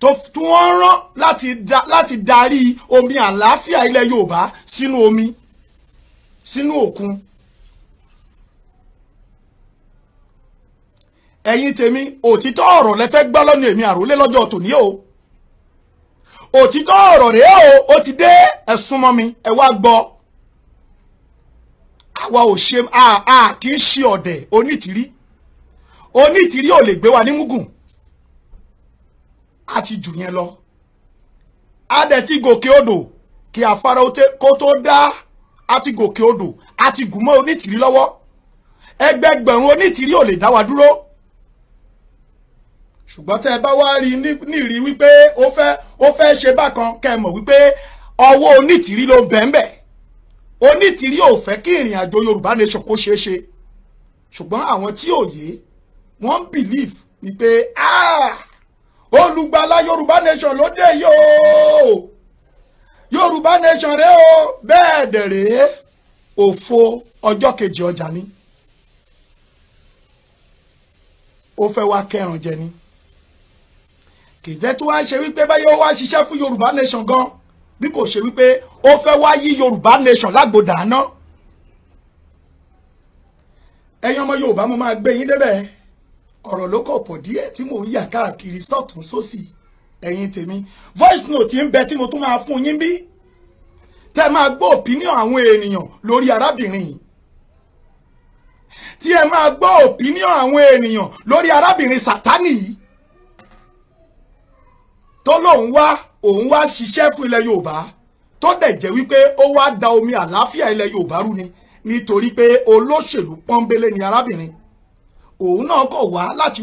tó wọ́n rán láti da láti darí omi àlàáfíà ilẹ̀ Yorùbá sínú omi sínú òkun ẹ̀yin tèmi òtítọ́ ọ̀rọ̀ lẹ fẹ́ gbọ́ lọ́nu èmi àròlé lọ́jọ́ tòní o òtítọ́ ọ̀rọ̀ rèé o ó ti dé ẹ súnmọ́ mi ẹ wá gbọ́ àwa ò ṣe a kì í ṣe ọ̀dẹ̀ onítìrí onítìrí ò lè gbé wa ní mugun a ti jù yẹn lọ a dẹ̀ ti gòkè odò kí afárá kó tó dá a ti gòkè odò a ti gùn mọ́ onítìrí lọ́wọ́ ẹgbẹgbẹ̀rún onítìrí ò lè dá wa dúró ṣùgbọ́n tẹ́ ẹ bá wá rí nírì wípé ó fẹ́ ó fẹ́ ṣe bákan kẹ́ ẹ mọ̀ wípé ọwọ́ onítìrí ló ń bẹ̀ẹ́nbẹ̀ onítìrí ò fẹ́ kí ìrìn àjò Yorùbá nation kó ṣeé ṣe ṣùgbọ́n àwọn tí ò yé wọ́n ń believe wípé ah, olùgbàlà Yorùbá nation ló dé yóò Yorùbá nation rẹ o bẹ́ẹ̀ dẹ̀ rèé òfo ọjọ́ kejì ọjà ni ó fẹ́ wá kẹrùn jẹ ni kìdẹ́ tí wọ́n ṣe wípé báyọ̀ wá ṣiṣẹ́ fún yorùbá nation gan bí kò ṣe wípé ó fẹ́ wá yí yorùbá nation lágbòdà àná ẹ̀yin ọmọ yorùbá mo máa gbé yín débẹ̀ ọ̀rọ̀ ló kọ̀ pọ̀ díẹ̀ tí mò ń yà káàkiri sọ́tún sósì ẹ̀yin tèmi voice note ń bẹ tí mo tún máa fún yín bí tẹ́ máa gbọ́ opinion àwọn ènìyàn lórí arábìnrin yìí tí ẹ máa gbọ́ opinion àwọn ènìyàn lórí arábìnrin sátánì yìí tó lóun wá òun wá ṣiṣẹ́ fún ilẹ̀ yorùbá tó dẹ̀ jẹ́ wípé ó wá da omi àlàáfíà ilẹ̀ yorùbá rú ni nítorí pé olóṣèlú pọ́nbélé ni arábìnrin òun náà kọ̀ wá láti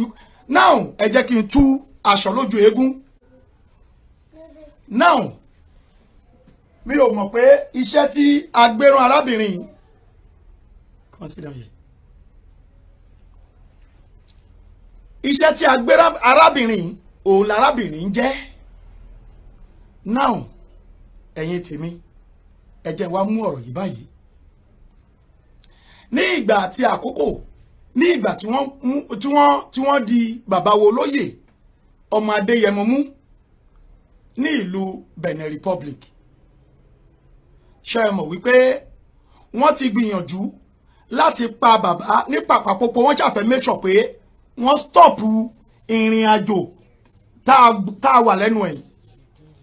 now ẹ jẹ́ kí n tú aṣọ lójú eégún now mi ò mọ̀ pé iṣẹ́ tí agbérun arábìnrin consider me iṣẹ́ tí agbérun arábìnrin òun làrábìnrin jẹ́ now ẹ̀yin tèmi ẹ jẹ́ wá mú ọ̀rọ̀ yìí báyìí ní ìgbà àti àkókò ní ìgbà tí wọ́n tí wọ́n di bàbá wo lóyè ọmọ adéyẹmọ mú ní ìlú Benin Republic ṣe é mọ̀ wípé wọ́n ti gbìyànjú láti pa bàbá ní pàpàpọ̀pọ̀ wọ́n ṣàfẹ́ make sure pé wọ́n stop ìrìn àjò tá a wà lẹ́nu ẹ̀yìn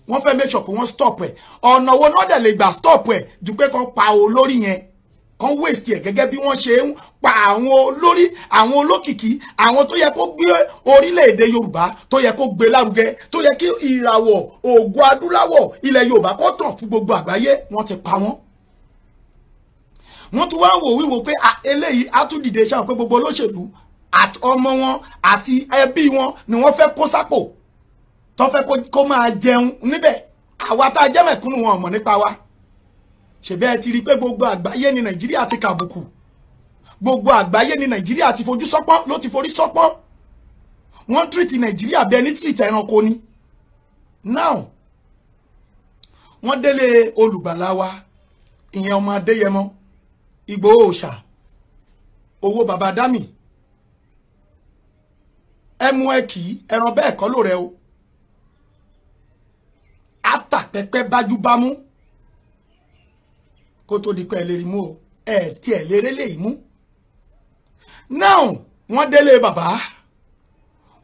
wọ́n fẹ́ make sure pé stop ẹ̀ ọ̀nà wo náà dẹ̀ lè gbà stop ẹ̀ ju pé kan pa olórí yẹn kan waste ẹ̀ gẹ́gẹ́ bí wọ́n ṣe ń pa àwọn olórí àwọn olókìkí àwọn tó yẹ kó gbé orílẹ̀-èdè yorùbá tó yẹ kó gbé lárugẹ tó yẹ kí ìràwọ̀ ògo adúláwọ̀ ilẹ̀ yorùbá kó tàn fún gbogbo àgbáyé wọ́n ti pa wọ́n wọ́n tún wá ń wò wíwò pé eléyìí á tún dìde ṣáà pé gbogbo olóṣèlú àti ọmọ wọn àti ẹbí wọn ni wọ́n fẹ́ kó sápò tó fẹ́ kó máa jẹun níbẹ̀ àwa tá a jẹ́ mẹ̀kúnnù wọn mọ̀ nípa wa ṣèbẹ́ ẹ ti rí i pé gbogbo àgbáyé ni nàìjíríà ti kàbùkù gbogbo àgbáyé ni nàìjíríà ti fojú sọ́pọ́n ló ti forí sọ́pọ́n wọ́n tírìtì nàìjíríà bẹ́ẹ̀ ní tírìtì ẹranko ni now wọ́n délé olùgbàlà wa ìyẹn ọmọ adéyẹmọ ìgbòho òòṣà owó baba dami ẹmu ẹ kì í ẹran bẹ́ẹ̀ kọ́ ló rẹ o àtàpẹ́pẹ́ bájúbámú kó tó di pé ẹ lè rí mú o ẹ tiẹ̀ lérè lè mú. now wọ́n délé bàbá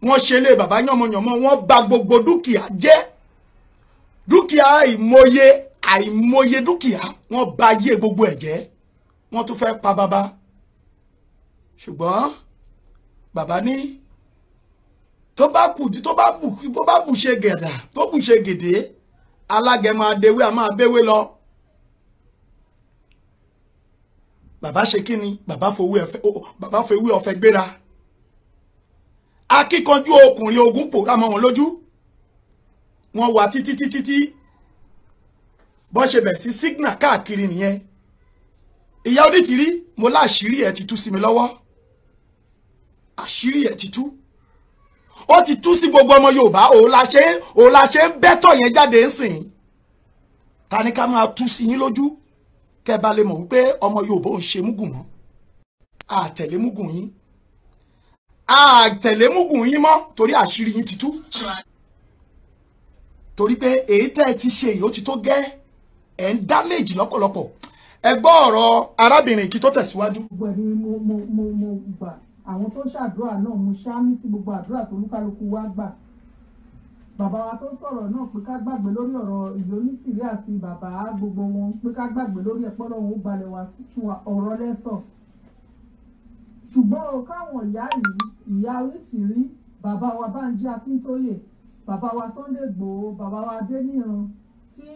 wọ́n ṣe lé bàbá yànmọ̀yànmọ̀ wọ́n bà gbogbo dúkìá jẹ́ dúkìá ìmọye àìmọye dúkìá wọ́n bà ayé gbogbo ẹ̀ jẹ́ wọ́n tún fẹ́ pa bàbá ṣùgbọ́n bàbá ní tó bá kù tó bá bù ṣe gẹ̀dà tó bù ṣe gèdè alágẹmọ adéwé a máa béwé lọ bàbá ṣe kí ni bàbá fowé ọ̀fẹ́ gbéra akíkanjú ọkùnrin ogun pòórá mọ́ wọn lójú wọ́n wà títí títí tí bọ́ ṣe bẹ̀ sí signal káàkiri nìyẹn ìyá onítìrí mo láṣìírí ẹ̀ ti tú sí mi lọ́wọ́ àṣírí ẹ̀ ti tú ó ti tú sí gbogbo ọmọ Yorùbá òun la ṣe òun la ṣe ń bẹ́tọ̀ yẹn jáde ń sìn ta ni ká máa tú sí yín lójú kẹ́ bá lè mọ̀ wípé ọmọ Yorùbá ò ń ṣe múgùn mọ́ àtẹ̀lé múgùn yín àtẹ̀lé múgùn yín mọ́ torí àṣírí yín ti tú torí pé èyí tẹ́ ẹ ti ṣe èyí ti tó gẹ́ ẹ̀ ń dámèjì lọ́pọ̀lọpọ̀ ẹ gbọ́ ọ̀rọ̀ arábìnrin kí tó tẹ̀síwájú. gbẹ̀rù mo mo mo gbà àwọn tó ṣàdúrà náà mo ṣáámi sí gbogbo àdúrà tó olúkálukú wá gbà bàbá wa tó sọ̀rọ̀ náà pé ká gbàgbé lórí ọ̀rọ̀ ìyónítìrí àti bàbá gbogbo wọn pé ká gbàgbé lórí ẹ̀pọ́ lọ́wọ́ ó balẹ̀ wá sí fún ọ̀rọ̀ lẹ́sọ̀ ṣùgbọ́n káwọn ìyá yìí ìyá onítìrí bàbá wa Bánjí Akíntóyè bàbá wa Sunday Ìgbòho bàbá wa Adéníran tí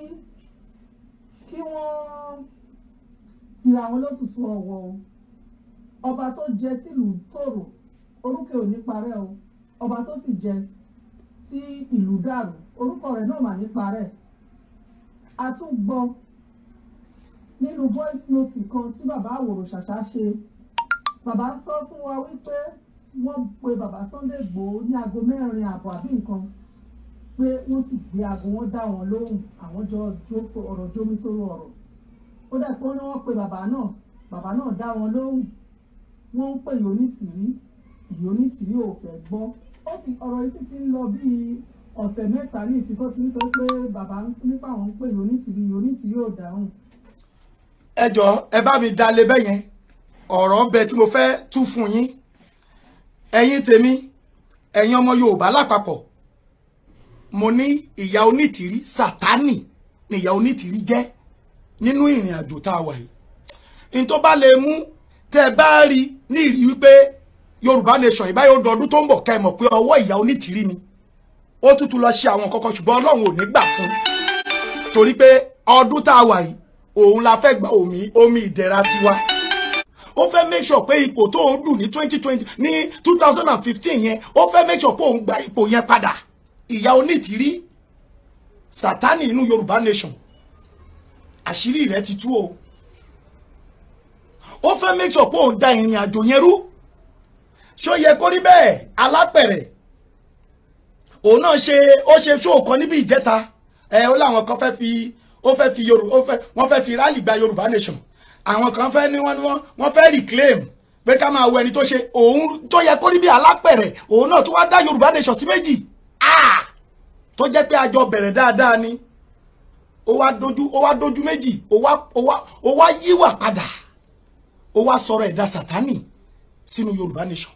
kí wọ́n tira wọn lóṣù fún ọba tó jẹ tìlù tòrò orúkẹ ò ní parẹ́ o ọba tó sì jẹ tí ìlú dàrú orúkọ rẹ̀ náà mà ní parẹ́ a tún gbọ́ nínú voice note kan tí bàbá àwòrò ṣàṣà ṣe bàbá sọ fún wa wípé wọ́n pe bàbá Sunday Igboho ní aago mẹ́rin ààbọ̀ àbí nǹkan pé wọ́n sì gbé aago wọn dá wọn lóhùn àwọn jọ ọ̀rọ̀ jómi tó rọrọ̀ ó dẹ̀ pé wọ́n pe bàbá náà bàbá náà dá wọn lóhùn wọ́n ń pè yonítìrí yonítìrí ò fẹ́ gbọ́ ó sì ọ̀rọ̀ yìí sì ti ń lọ bíi ọ̀sẹ̀ mẹ́ta ní ìtì tó ti ń sọ pé bàbá nípa àwọn ń pè yonítìrí yonítìrí ò dáhùn. ẹ jọ ẹ bá mi dalẹ̀ bẹ́ẹ̀ yẹn ọ̀rọ̀ ń bẹ tí mo fẹ́ tú fún yín ẹ̀yin tèmi ẹ̀yin ọmọ Yorùbá lápapọ̀ mo ní ìyá onítìrí sátánì ni ìyá onítìrí jẹ́ nínú ìrìn àjò tá a wà yìí ní tó bá lè mú tẹ́ ẹ bá rí ní ìrí wípé yorùbá nation ìbá yóò dọdún tó ń bọ̀ ká ẹ mọ̀ pé ọwọ́ ìyá onítìrí ni ó tútù lọ ṣe àwọn kọ̀kọ̀ ṣùgbọ́n ọlọ́run ò ní gbà fún torí pé ọdún tá a wà yìí òun la fẹ́ gba omi omi ìdẹ̀ra tiwa ó fẹ́ make sure pé ipò tó ń dùn ní twenty twenty ní two thousand and fifteen yẹn ó fẹ́ make sure pé òun gba ipò yẹn padà ìyá onítìrí sátánì inú yorùbá nation àṣírí rẹ̀ ti tú o ó fẹ́ make sure pé òun da ìrìn àjò yẹn rú ṣó yẹ kó rí bẹ́ẹ̀ alápẹ̀rẹ̀ òun náà ṣe ó ṣe ṣó kan níbi ìjẹta ẹ ó láwọn kan fẹ́ fi ó fẹ́ fi yorùbá ó fẹ́ wọ́n fẹ́ fi rálì gba yorùbá nation àwọn kan fẹ́ ní wọ́n wọ́n fẹ́ reclaim pé ká máa wo ẹni tó ṣe òun tó yẹ kó rí bí alápẹ̀rẹ̀ òun náà tó wá dá yorùbá nation sí méjì tó jẹ́ pé àjọ bẹ̀rẹ̀ dáadáa ni ó wá dojú ó wá dojú méjì ó wá ó wá ó wá yíwà padà ó wá sọ̀rọ̀ ẹ̀dá sátánì sínú yorùbá nation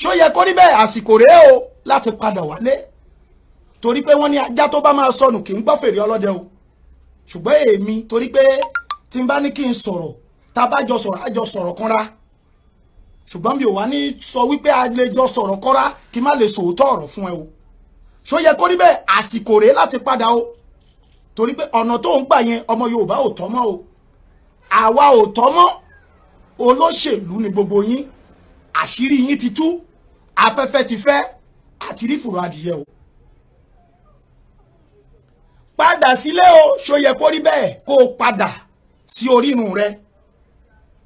ṣó yẹ kó rí bẹ́ẹ̀ àsìkò rèé o láti padà wálé torí pé wọ́n ní ajá tó bá máa sọnù kì í gbọ́ fèrè ọlọ́dẹ o ṣùgbọ́n èmi torí pé tí n bá ní kí n sọ̀rọ̀ tá a bá jọ sọ̀rọ̀ á jọ sọ̀rọ̀ kanra ṣùgbọ́n mi ò wá ní sọ wípé a lè jọ sọ̀rọ̀ kanra kí n má lè sòótọ́ ọ̀rọ̀ fún ẹ o ṣó yẹ kó rí àsìkò rèé láti padà o torí pé ọ̀nà tó ń gbà yẹn ọmọ yorùbá ò tọ́ mọ́ o àwa ò tọ́ mọ́ olóṣèlú ni gbogbo yín àṣírí yín ti tú afẹ́fẹ́ ti fẹ́ àti rí fùrọ̀ adìyẹ o padà sílé o ṣó yẹ kó rí bẹ́ẹ̀ kó o padà sí orírun rẹ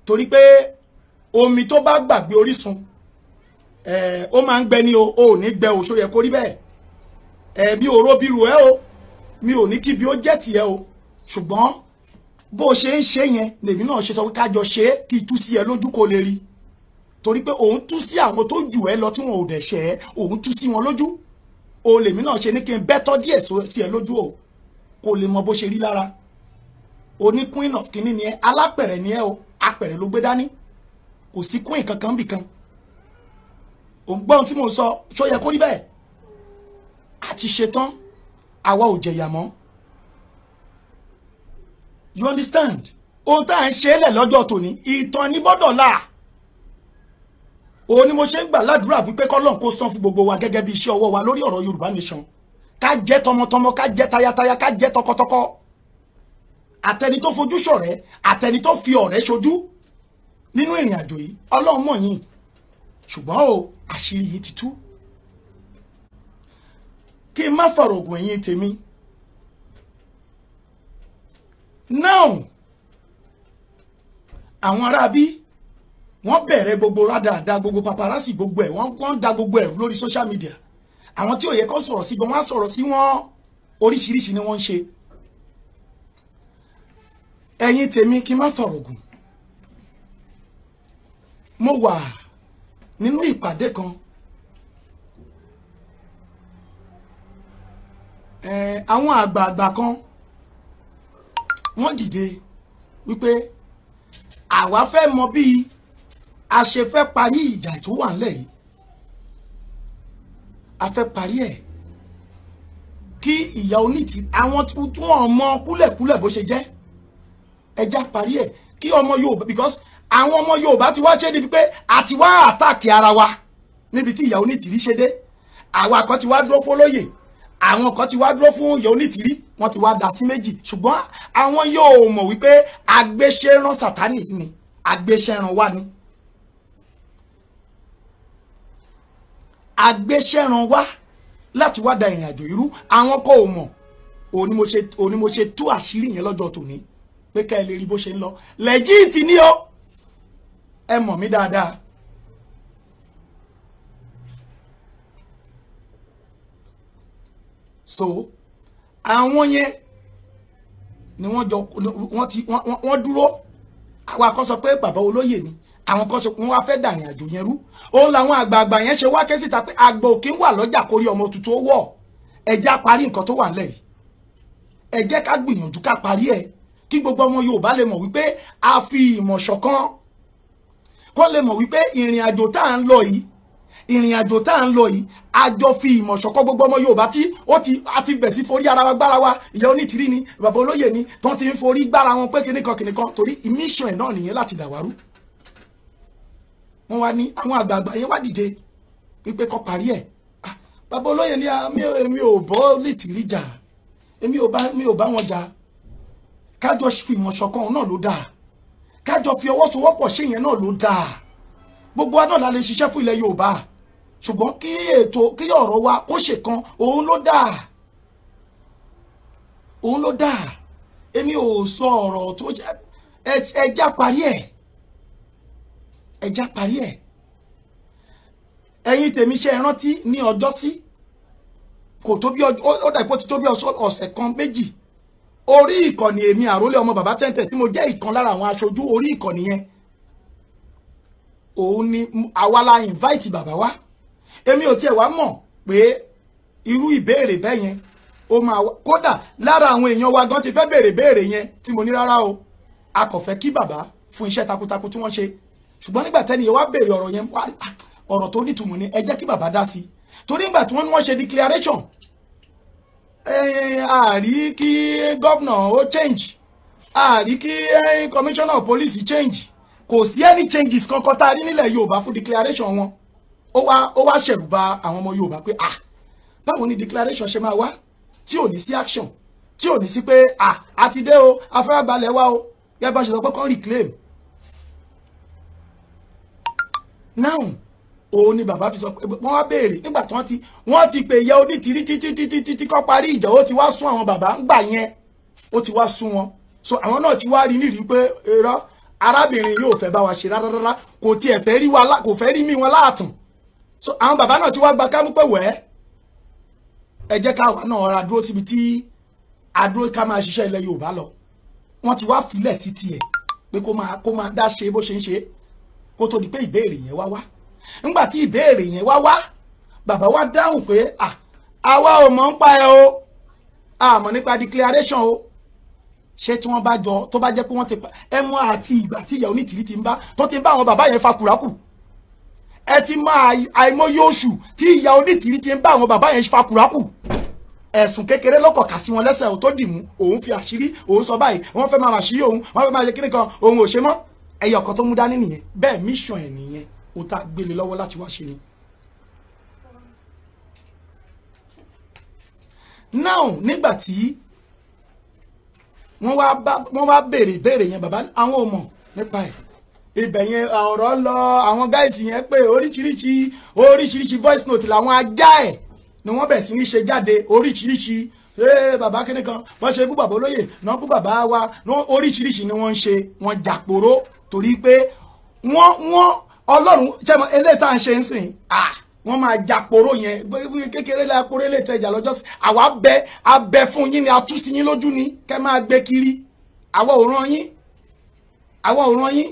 torí pé omi tó bá gbàgbé orísun eh, ó máa ń gbẹ ní o ò ní gbẹ o ṣó yẹ kó rí bẹ́ẹ̀ ẹ̀mí eh, òró bí ru ẹ o mi ò ní kíbi ó jẹ́ tiẹ̀ o ṣùgbọ́n bó o ṣe ń ṣe yẹn lèmi náà ṣe sọ pé kájọ ṣe é kí tú sí ẹ lójú kó lè rí torí pé òun tú sí àwọn tó jù ẹ lọ tí wọn ò dẹ̀ ṣe é òun tú sí wọn lójú o lèmi náà ṣe ní kí n bẹ́tọ́ díẹ̀ sí ẹ lójú o kó lè mọ bó ṣe rí lára o ní queen of kinní ni ẹ alápẹ̀rẹ̀ ni ẹ o apẹ̀rẹ̀ ló gbé dání kò sí queen kankan bìkan òun gbọ́n tí mo sọ ṣó yẹ kó rí bẹ́ẹ̀ àti ṣetán àwa ò jẹ̀yà mọ́ you understand ohun tá à ń ṣe é lẹ̀ lọ́jọ́ tòní ìtàn ní bọ́dọ̀ là òun ni mo ṣe ń gbà ládùúrà wípé kọ́lọ́n kó san fún gbogbo wa gẹ́gẹ́ bí iṣẹ́ ọwọ́ wa lórí ọ̀rọ̀ Yorùbá nation ká jẹ́ tọmọtọmọ ká jẹ́ tayátayá ká jẹ́ tọkọtọkọ àtẹni tó fojú ṣọ̀rẹ́ àtẹni tó fi ọ̀rẹ́ ṣojú nínú ìrìn àjò yìí Ọlọ́run mọ̀ yín ṣùgbọ́n o àṣírí yìí ti tú kí n má fọ̀rọ̀ ògùn ẹ̀yìn tèmi now àwọn aráabí wọ́n bẹ̀rẹ̀ gbogbo rádàdà gbogbo paparazzi gbogbo ẹ̀ wọ́n da gbogbo ẹ̀ lórí social media àwọn tí ò yẹ kó sọ̀rọ̀ sí gan wọ́n á sọ̀rọ̀ sí wọn oríṣiríṣi ni wọ́n ń ṣe ẹ̀yin tèmi kí n má fọ̀rọ̀ mo wà nínú ìpàdé kan àwọn àgbààgbà kan wọ́n dìde wípé àwa fẹ́ mọ bí a ṣe fẹ́ parí ìjà tó wà ńlẹ̀ yìí a fẹ́ parí ẹ̀ kí ìyá onítì àwọn tuntun ọmọ kúlẹ̀kúlẹ̀ bó ṣe jẹ́ ẹja parí ẹ̀ kí ọmọ Yorùbá because àwọn ọmọ Yorùbá ti wá ṣe níbi pé a ti wá àtàkì ara wa níbi tí ìyá onítìrí ṣe dé àwa kan ti wá dúró fọlọ́yè àwọn kan ti wá dúró fún ìyá onítìrí wọ́n ti wá dá sí méjì ṣùgbọ́n àwọn yóò mọ̀ wípé agbéṣẹ́ran sátánì ni agbéṣẹ́ran wà ní. agbéṣẹ́ran wá láti wá da ìrìn àjò irú àwọn kò mọ̀ òní mo ṣe tú àṣírí yẹn lọ́jọ́ tòní pé ká ẹ lè rí bó ṣe ń lọ lẹ́jìtì ni ó ẹ mọ̀ mí dáadáa. so àwọn yẹn ni wọ́n jọ wọ́n ti wọ́n dúró àwọn akọ́ sọ pé bàbá olóyè ni àwọn kan sọ pé wọ́n wá fẹ́ dàrin àjò yẹn rú òun làwọn àgbààgbà yẹn ṣe wá ké síta pé àgbà òkè ń wà lọ́jà kórí ọmọ tuntun ó wọ̀ ẹ já parí nǹkan tó wà ńlẹ̀ yìí ẹ jẹ́ ká gbìyànjú ká parí ẹ̀ kí gbogbo ọmọ Yorùbá lè mọ̀ wípé a fi ìmọ̀ ṣọ̀kan kó lè mọ̀ wípé ìrìn àjò tá à ń lọ yìí ìrìn àjò tá à ń lọ yìí àjọ fi ìmọ̀ ṣọ̀kọ́ gbogbo ọmọ Yorùbá tí ó ti àti bẹ̀ sí forí ara wa gbára wa ìyá onítìrí ni bàbá olóyè ni tán ti ń forí gbára wọn pé kìnnìkan kìnnìkan torí mission ẹ̀ náà nìyẹn láti dàwárú wọ́n wá ní àwọn àgbààgbà yẹn wá dìde wípé kọ́ parí ẹ̀ ah, bàbá olóyè ni èmi ah, ò bọ́ lítìrí jà èmi ò bá wọn jà kájọ fi ìmọ̀ ṣọ̀kan náà ló dáa kájọ fi ọwọ́sowọ́pọ̀ ṣe náà ló dáa gbogbo wa náà la lè ṣiṣẹ́ fún ilẹ̀ Yorùbá ṣùgbọ́n kí ètò kí ọ̀rọ̀ wa kó ṣe kan òun ló dáa òun ló dáa èmi ò sọ ọ̀rọ̀ tó ẹja parí ẹ̀ ẹja parí ẹ̀ ẹ̀yin tèmi ṣe rántí ní ọjọ́ sí kò tó bí ó dà pé ó ti tó ọ̀sẹ̀ kan méjì orí ìkànnì èmi àrólé ọmọ bàbá tẹ́ǹtẹ̀ tí mo jẹ́ ìkan lára àwọn aṣojú orí ìkànnì yẹn òun ni àwa la invite bàbá wa. Emi ò tiẹ̀ wá mọ̀ pé irú ìbéèrè bẹ́ẹ̀ yẹn ó máa wá kódà lára àwọn èèyàn wa gan ti fẹ́ béèrè béèrè yẹn tí mo ní rárá o a kò fẹ́ kí bàbá fún iṣẹ́ takuntakun ti wọ́n ṣe ṣùgbọ́n nígbà tẹ́ni yẹn wá béèrè ọ̀rọ̀ yẹn ah, ọ̀rọ̀ tó nítumọ̀ ni ẹ jẹ́ kí bàbá dá sí torí nígbà tí wọ́n ní wọ́n ṣe declaration àrí kí governor ó change àrí kí commissioner of police change kò sí any changes kankan tá a rí nílẹ̀ Yorùbá declaration wọn ó wá ó wá ṣẹ̀rù bà àwọn ọmọ Yorùbá pé ah báwo ni declaration ṣe máa wá tí ò ní sí action tí ò ní sí pé ah àti dé o afẹ́rẹ́gbalẹ̀ wá o gẹ́gẹ́ bá ṣe sọ pé kàn reclaim now òun ni bàbá fi sọ pé wọ́n wá béèrè nígbà tí wọ́n ti wọ́n ti pè yẹ onítìrí títí títí títí kọ́ parí ìjà ó ti wá sún àwọn bàbá ń gbà yẹn ó ti wá sún wọn so àwọn náà ti wá rí nírìí pé irọ́ arábìnrin yóò fẹ́ bá wa ṣe rárá rárá kò tiẹ̀ fẹ́ rí wa kò fẹ́ rí mi wọn láàtàn so àwọn bàbá náà ti wá gba kámú pé wẹ́ ẹ jẹ́ ká wà náà ra dúró síbi tí adúró ká máa ṣiṣẹ́ ilẹ̀ Yorùbá lọ wọ́n ti wá filẹ̀ sí tiẹ̀ pé kó máa kó máa dá ṣe bó ṣe ń ṣe kó tó di pé ìbéèrè yẹn wá wá ńgbà tí ìbéèrè yẹn wá wá bàbá wa dáhùn pé àwa ò mọ̀ ń pa ẹ o àmọ́ nípa declaration o ṣé tí wọ́n bá jọ tó bá jẹ́ pé wọ́n ti pa ẹ mọ́ àti ìgbà tí ìyàwó ní tìrì ń bá tó ti ń bá àwọn bàbá yẹn fa kùrákù ẹ ti máa àìmọye oṣù tí ìyá onítìrí ti ń bá àwọn bàbá yẹn fa kùrákù ẹ̀sùn kékeré lọ́kọ̀ kà sí wọn lẹ́sẹ̀ ò tó dìmú òun fi àṣírí òun sọ báyìí wọ́n fẹ́ máa àṣírí òun wọ́n fẹ́ máa ṣe kíni kan òun ò ṣe mọ́ ẹyẹ ọ̀kan tó mú dání nìyẹn bẹ́ẹ̀ mission ẹ̀ nìyẹn ó ta gbélé lọ́wọ́ láti wá ṣe ni. now nígbà tí wọ́n wá béèrè ìbéèrè yẹn bàbá àwọn ò mọ̀ nípa ẹ̀ ibẹ̀ yẹn ọ̀rọ̀ lọ àwọn gáìsì yẹn pé oríṣiríṣi oríṣiríṣi voice note làwọn ajá ẹ̀ ni wọ́n bẹ̀ sí ní ṣe jáde oríṣiríṣi ee bàbá kíni kan wọ́n ṣe bú bàbá olóyè náà bú bàbá wa oríṣiríṣi ni wọ́n ń ṣe wọ́n jàpòrò torí pé wọ́n wọ́n ọlọ́run ṣẹ́mọ eléyìí tá à ń ṣe ń sìn à wọ́n máa jàpòrò yẹn kékeré la poró eléyìí tẹ̀jà lọ́jọ́ sí àwa bẹ abẹ fún yín ni atúsí yín lójú ni kẹ́ máa gbé kiri àwa ò ràn yín àwa ò ràn yín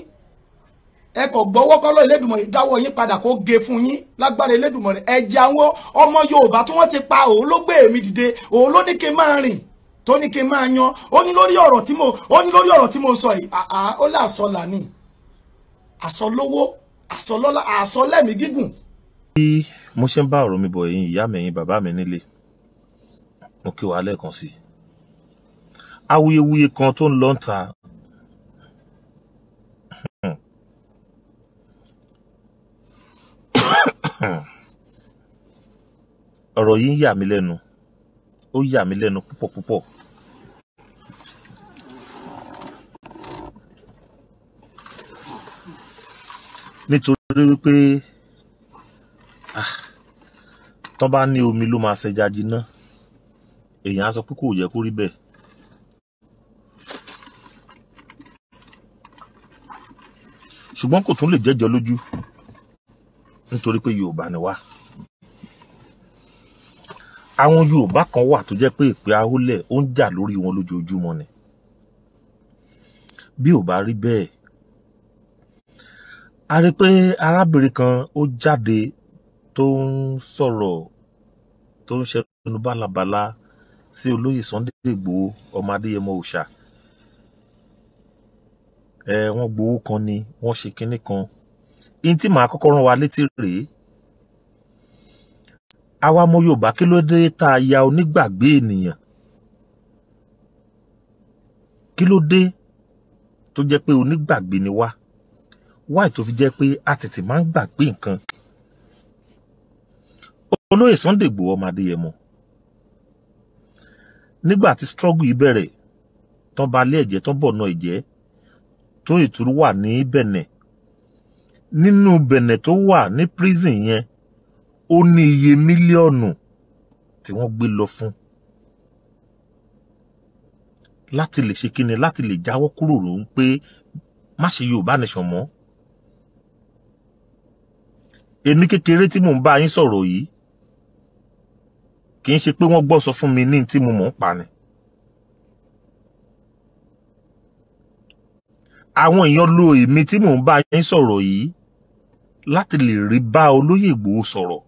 ẹ kò gbọ́wọ́ kọ́lọ́ Elédùmarè dáwọ́ yín padà kó ge fún yín lágbára Elédùmarè ẹ̀jẹ̀ àwọn ọmọ Yorùbá tí wọ́n ti pa òun ló gbé èmi dìde òun ló ní kí n máa rìn tó ní kí n máa yan ó ní lórí ọ̀rọ̀ tí mo ó ní lórí ọ̀rọ̀ tí mo sọ yìí àá ó lè àsọ lànì àsọ lówó àsọ lọ́lá àsọ lẹ́mìí gígùn. bí mo ṣe ń bá ọ̀rọ̀ mi bọ̀ ẹ̀yin ìyá mi ẹ̀yin bàbá mi nílé mo kí wa lẹ́ẹ̀kan sí i awuyewuye kan tó ń lọ Hmm. ọ̀rọ̀ yìí ń yà mí lẹ́nu ó yà mí lẹ́nu púpọ̀ púpọ̀. nítorí wípé ah, tán bá ní omi ló máa ṣẹja jiná èèyàn á sọ pé kò yẹ kó rí bẹ́ẹ̀. ṣùgbọ́n kò tún lè jẹ́jọ́ lójú nítorí pé yorùbá ni wá àwọn yorùbá kan wà tó jẹ́ pé ìpè ahólẹ̀ ó ń jà lórí wọn lójoojúmọ́ ni bí ò bá rí bẹ́ẹ̀ a rí pé arábìnrin kan ó jáde tó ń sọ̀rọ̀ tó ń ṣẹnu bálabàla sí olóyè Sunday Igboho ọmọ Adéyẹmọ òòṣà ẹ wọ́n gbowó kan ni wọ́n ṣe kinní kan in tí màá kọ́kọ́ rán wa létí rèé àwa ọmọ Yorùbá kí ló dé tá a ya onígbàgbé ènìyàn kí ló dé tó jẹ́ pé ni wá wáì tó fi jẹ́ pé a tètè máa ń gbàgbé nǹkan olóyè Sunday Igboho ọmọ Adéyẹmọ nígbà struggle yìí bẹ̀rẹ̀ tán ba lé ẹ̀jẹ̀ tán bọ̀ náà ẹ̀jẹ̀ tó ìtúrú wà ní Bẹ̀nẹ̀ nínú bẹ̀nẹ̀ tó wà ní prison yẹn ó ní iye mílíọ̀nù tí wọ́n gbé lọ fún láti lè ṣe kíni láti lè jáwọ́ kúrò ló ń pé má ṣe Yorùbá nation mọ́ èmi kékeré tí mò ń bá yín sọ̀rọ̀ yìí kì í ṣe pé wọ́n gbọ́ sọ fún mi ní tí mo mọ̀ ń pa ni. àwọn èèyàn lo èmi tí mò ń bá yín sọ̀rọ̀ yìí láti lè rí bá olóyè Ìgbòho sọ̀rọ̀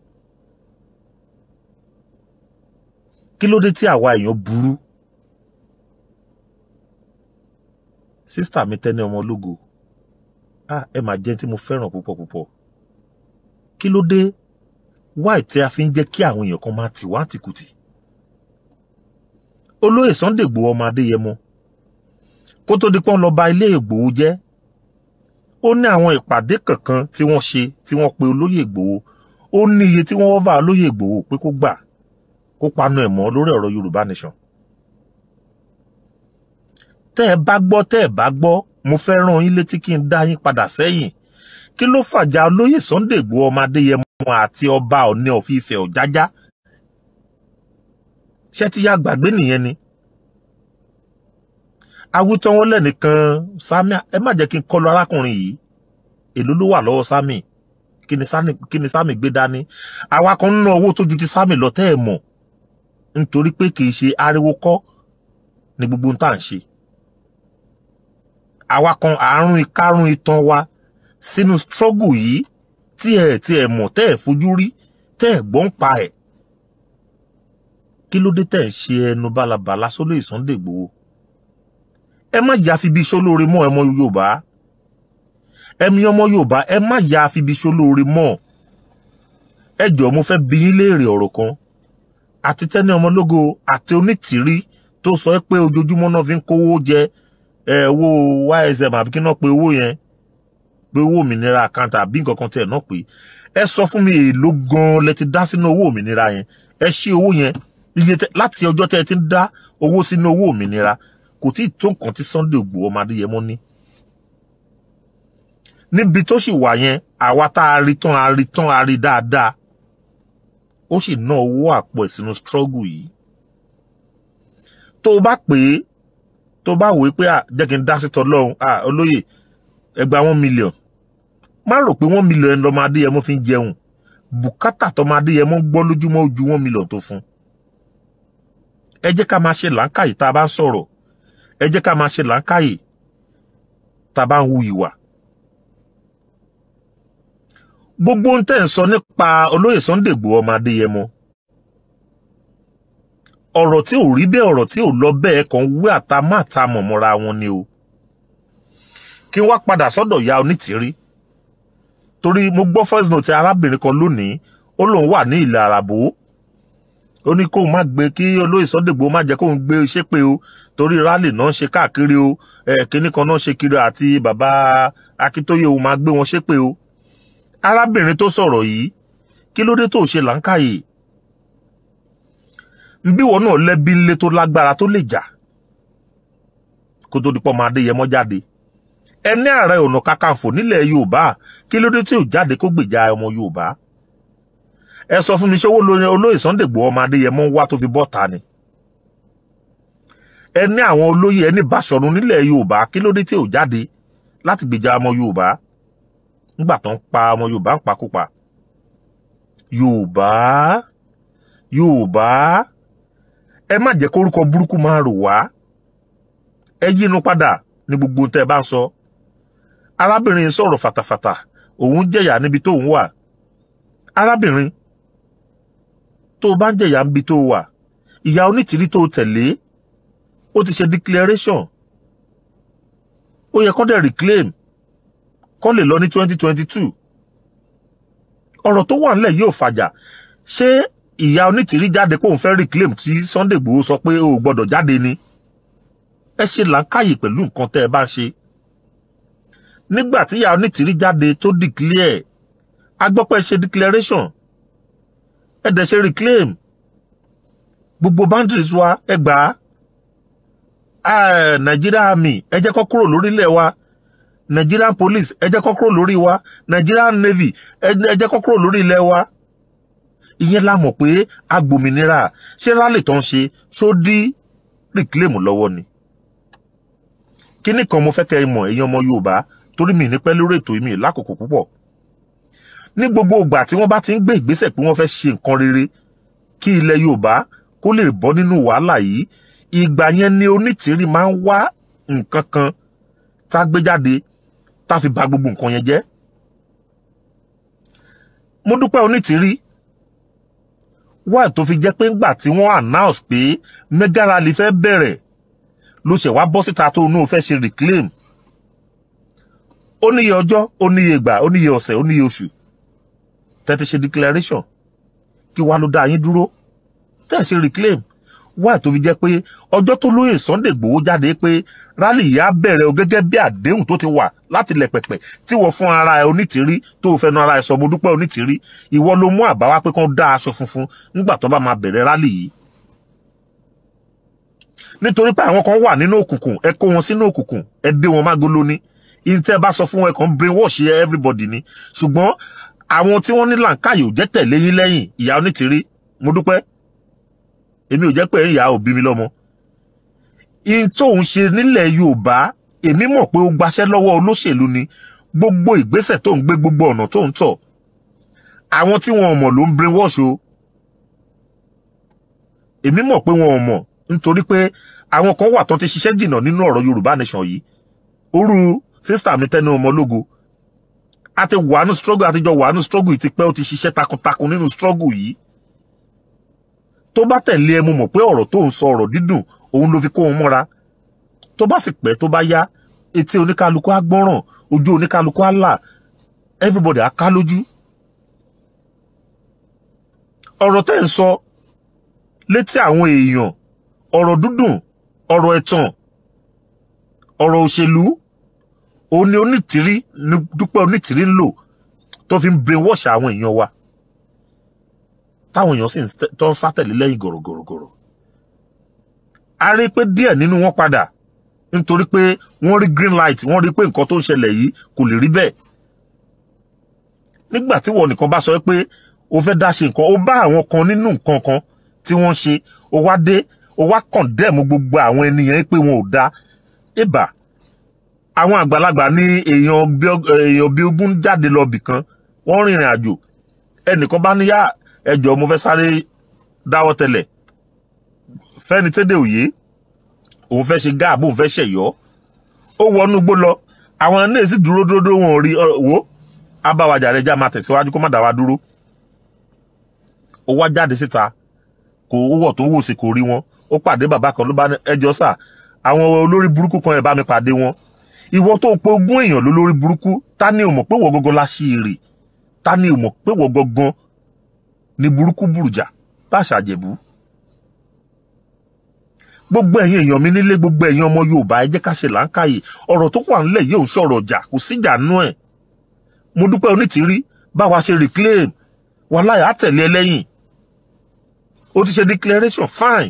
kí ló dé tí àwa èèyàn burú sísítà mi Tẹ́ni Ọmọlógo ah ẹ mà jẹ́ tí mo fẹ́ràn púpọ̀ púpọ̀ kí ló dé wáì tí a fi ń jẹ́ kí àwọn èèyàn kan máa tì wá tìkùtì olóyè Sunday Ìgbòho ọmọ Adéyẹmọ kó tó di pọ́n lọ ba ilé Ìgbòho jẹ́ ó ní àwọn ìpàdé kankan tí wọ́n ṣe tí wọ́n pe olóyè Ìgbòho ó ní iye tí wọ́n wá olóyè Ìgbòho pé kó gbà kó panu ẹ̀ mọ́ lórí ọ̀rọ̀ Yorùbá Nation tẹ́ ẹ bá gbọ́ tẹ́ ẹ bá gbọ́ mo fẹ́ rán yín létí kí n dá yín padà sẹ́yìn kí ló fàjà olóyè Sunday Igboho ọmọ Adéyẹmọ àti ọba Ọ̀ọ̀ni of Ifẹ̀ ṣé ti ya gbàgbé nìyẹn ni awítọ́ wọn lẹ́nìkan sami ẹ má jẹ́ kí n kọlu arákùnrin yìí èló ló wà lọ́wọ́ sami kí ni sami gbé dání àwa kan owó tó ju ti sami lọ tẹ́ ẹ mọ̀ nítorí pé kì í ṣe ariwo kọ́ ni gbogbo ń tà ń ṣe àwa kan àárún ikárún itan wa sínú struggle yìí tí ẹ tí ẹ mọ̀ tẹ́ ẹ fojú rí tẹ́ ẹ gbọ́n pa ẹ̀ kí ló dé tẹ́ ẹ ṣe ẹnu bálabàla sólè Sunday Igboho ẹ má yà fi bí sólóore mọ́ ẹmọ yorùbá ẹmí ọmọ yorùbá ẹ má yà fi bí sólóore mọ́ ẹ jọ̀ọ́ mo fẹ́ bi yín léèrè ọ̀rọ̀ kan àti tẹ́ni ọmọlógo àti onítìrí tó sọ pé ojoojúmọ́ náà fi ń kówó jẹ ẹ owó ysm àbí kí náà pe owó yẹn pé owó òmìnira àkáǹtà àbí nǹkan kan tẹ̀ náà pé ẹ sọ fún mi èèló gan-an lẹ ti dá sínú owó òmìnira yẹn ẹ ṣí owó yẹn láti ọjọ́ tẹ́ ẹ ti ń dá owó sínú owó òmìnira kò tí ì tó nǹkan tí Sunday Igboho ọmọ Adéyẹmọ ní níbi tó sì wà yẹn àwa tá a rí tán a rí tán a rí dáadáa ó sì ná owó àpò ẹ̀ struggle yìí tó o bá pè é tó o bá wòó pé jẹ́ kí n dá sí tọ́lọ́run olóyè ẹgbà one million má rò pé one million ẹni lọ́mọ Adéyẹmọ fi ń jẹun bùkátà tọ́mọ Adéyẹmọ ń gbọ́ lójúmọ́ ojú one million tó fún ẹ jẹ́ ká máa ṣe làákàyè tá a bá ń sọ̀rọ̀ ẹ jẹ́ ká máa ṣe làákàyè tá a bá ń hu ìwà gbogbo ohun tẹ́ ń sọ nípa olóyè Sunday Igboho ọmọ Adéyẹmọ ọ̀rọ̀ tí ò rí bẹ́ẹ̀ ọ̀rọ̀ tí ò lọ bẹ́ẹ̀ kan wí àtàmátàmọ̀ mọ́ra wọn ni o kí wọ́n padà sọ́dọ̀ ya onítìrí torí mo gbọ́ first note arábìnrin kan lónìí ó lóun wà ní ìlà àràbò ó ní kóun má gbé kí olóyè sọdẹgbò má jẹ kóun gbé ṣépè o torí rálì náà ń ṣe káàkiri o kínní kan náà ṣe kiri àti bàbá akíntóyè o má gbé wọn ṣépè o arábìnrin tó sọ̀rọ̀ yìí kí ló dé tó ṣe làǹkàyè nbíwọ náà lẹ́bi ńlẹ tó lágbára tó lè jà kó tó di máa dé yẹmọ jáde ẹni ààrẹ ọ̀nà kakanfò nílẹ̀ yorùbá kí ló dé tí jáde kó gbèjà ọmọ yorùbá ẹ sọ fún mi ṣé owó lórí olóyè Sunday Igboho ọmọ Adéyẹmọ ń wá tó fi bọ́ ta ni ẹ ní àwọn olóyè ẹ ní Bàṣọ̀run nílẹ̀ Yorùbá kí ló dé tí ò jáde láti gbèjà ọmọ Yorùbá nígbà tó ń pa ọmọ Yorùbá ń pakópa Yorùbá Yorùbá ẹ má jẹ́ kórúkọ burúkú máa rò wá ẹ yínú padà ní gbogbo tẹ́ ẹ bá ń sọ arábìnrin sọ̀rọ̀ fàtàfàtà òun jẹ̀yà níbi tóun wà arábìnrin tó o bá ń jẹ̀yà ń bi tó wà ìyá onítìrí tó tẹ̀lé ó ti ṣe declaration ó yẹ kó dẹ̀ reclaim kó lè lọ ní 2022 ọ̀rọ̀ tó wà nílẹ̀ yóò fàjà ṣé ìyá onítìrí jáde pé òun fẹ́ reclaim tí Sunday Igboho sọ pé o gbọ́dọ̀ jáde ni ẹ ṣe làákàyè pẹ̀lú nǹkan tẹ́ ẹ bá ṣe nígbà tí ìyá onítìrí jáde tó declare a gbọ́ pé ṣe declaration ede se reclaim gbogbo boundaries wa egba a á Nigeria army ẹ lori le wa Nigerian police ẹ lori wa Nigerian navy ẹ lori le kúrò lórí wa ìyẹn la mọ̀ pé agbòmìnira se rálì tó reclaim lọ́wọ́ ni kini kan mo fẹ́ kẹ́ ẹ mọ̀ ẹ̀yin ọmọ mi ní pẹ́ mi ní gbogbo ìgbà tí wọ́n bá ti ń gbé ìgbésẹ̀ pé wọ́n fẹ́ ṣe nǹkan rere kí ilẹ̀ Yorùbá kó lè bọ́ nínú wàhálà yìí ìgbà yẹn ni onítìrí máa ń wá nǹkan kan tá a gbé jáde tá a fi ba gbogbo nǹkan yẹn jẹ́ mo dúpẹ́ onítìrí wá tó fi jẹ́ pé ńgbà tí wọ́n announce pé mega rally fẹ́ bẹ̀rẹ̀ ló ṣẹ̀ wá bọ́ síta tó inú fẹ́ ṣe reclaim ó níye ọjọ́ ó níye ìgbà ó níye ọ̀sẹ̀ ó níye oṣù tẹ́tí ṣe declaration kí wàá ló dá yín dúró tẹ́ ṣe reclaim wá tó fi jẹ́ pé ọjọ́ tó lóye Sunday Igboho jáde pé rally yìí á bẹ̀rẹ̀ o gẹ́gẹ́ bí àdéhùn tó ti wà láti lẹ̀ pẹ̀pẹ̀ tí wọ́n fún ara ẹ onítìrí tó fẹnu ara ẹ sọ mo dúpẹ́ onítìrí ìwọ ló mú àbá wá pé kán dá aṣọ funfun nígbà tó bá máa bẹ̀rẹ̀ rally yìí nítorí pé àwọn kan wà nínú òkùnkùn ẹ kó wọn sínú òkùnkùn ẹ dé wọn mágolo ni ìtẹ́ bá sọ fún ẹ kàn brainwash everybody ni ṣùgbọ́n àwọn tí wọ́n ní làǹkàyè ò jẹ́ tẹ̀lé yín lẹ́yìn ìyá onítìrí mo dúpẹ́ èmi ò jẹ́ pé ìyá ò bí mi lọ́mọ in tóun ṣe nílẹ̀ Yorùbá èmi mọ̀ pé ó gbaṣẹ́ lọ́wọ́ olóṣèlú ni gbogbo ìgbésẹ̀ tó ń gbé gbogbo ọ̀nà tó ń tọ̀ àwọn tí wọn ò mọ̀ ló ń brainwash o èmi mọ̀ pé wọn ò mọ̀ nítorí pé àwọn kan wà tó ti ṣiṣẹ́ jìnnà nínú ọ̀rọ̀ Yorùbá nation yìí orú sísítà mi tẹnu ọmọ lógo Ati wanu struggle ati jo wanu struggle yìí ti pẹ́ ó ti ṣiṣẹ́ takuntakun nínú struggle yi. tó bá tẹ̀lé ẹ mo pe oro to tó oro sọ ọ̀rọ̀ dídùn òun ló fi kó òun mọ́ra tó bá sì pẹ́ tó bá yá etí oníkálukú á gbọ́ràn ojú everybody á ká lójú ọ̀rọ̀ tẹ́ ń sọ létí àwọn èèyàn ọ̀rọ̀ dúdùn ọ̀rọ̀ ẹ̀tàn ọ̀rọ̀ òṣèlú òun ni onítìrí ni Dúpẹ́ onítìrí ń lò tó fi ń brainwash àwọn èèyàn wa táwọn èèyàn sì tó ń sátẹ̀lé lẹ́yìn gòrògòrògòrò a rí i pé díẹ̀ nínú wọn padà nítorí pé wọ́n rí green light wọ́n rí i pé nǹkan tó ń ṣẹlẹ̀ yìí kò lè rí bẹ́ẹ̀ nígbà tí wọ́n nìkan bá sọ pé o fẹ́ dá ṣe nǹkan o bá àwọn kan nínú nǹkan kan tí wọ́n ṣe o wá dé o wá condemn gbogbo àwọn ènìyàn pé wọn ò dá ìbà àwọn àgbàlagbà ní èèyàn bí ogún jáde lọ bìkan wọ́n rìnrìn àjò ẹnìkan bá níyà ẹjọ́ mo fẹ́ sáré dáwọ́ tẹ̀lẹ̀ fẹ́ni tẹ́dẹ̀ òye òun fẹ́ ṣe gáàbù òun fẹ́ ṣẹ̀yọ́ ó wọnú gbó lọ àwọn náà sì dúró dúró dúró wọn ò rí wo abáwájà rẹ̀ já máa tẹ̀síwájú kó má dá wa dúró ó wá jáde síta kò wọ̀ tó wò sí kò rí wọn ó pàdé bàbá kan ló bá ẹjọ́ sà àwọn olórí burúkú kan ẹ̀ bá mi pàdé wọn ìwọ tó pe ogún èèyàn ló lórí burúkú ta ni ò mọ̀ pé wọ́n gangan láṣìírí ta ni ò mọ̀ pé wọ́n gangan ni burúkú burújà bá ṣàjẹ̀bú gbogbo ẹ̀yin èèyàn mi nílé gbogbo ẹ̀yin ọmọ Yorùbá ẹ jẹ́ ká ṣe làákàyè ọ̀rọ̀ tó wà nílẹ̀ yìí ò ọjà kò síjà nú ẹ̀ mo dúpẹ́ onítìrí báwa ṣe reclaim wàláyà á tẹ̀lé ẹlẹ́yìn o ti ṣe declaration fine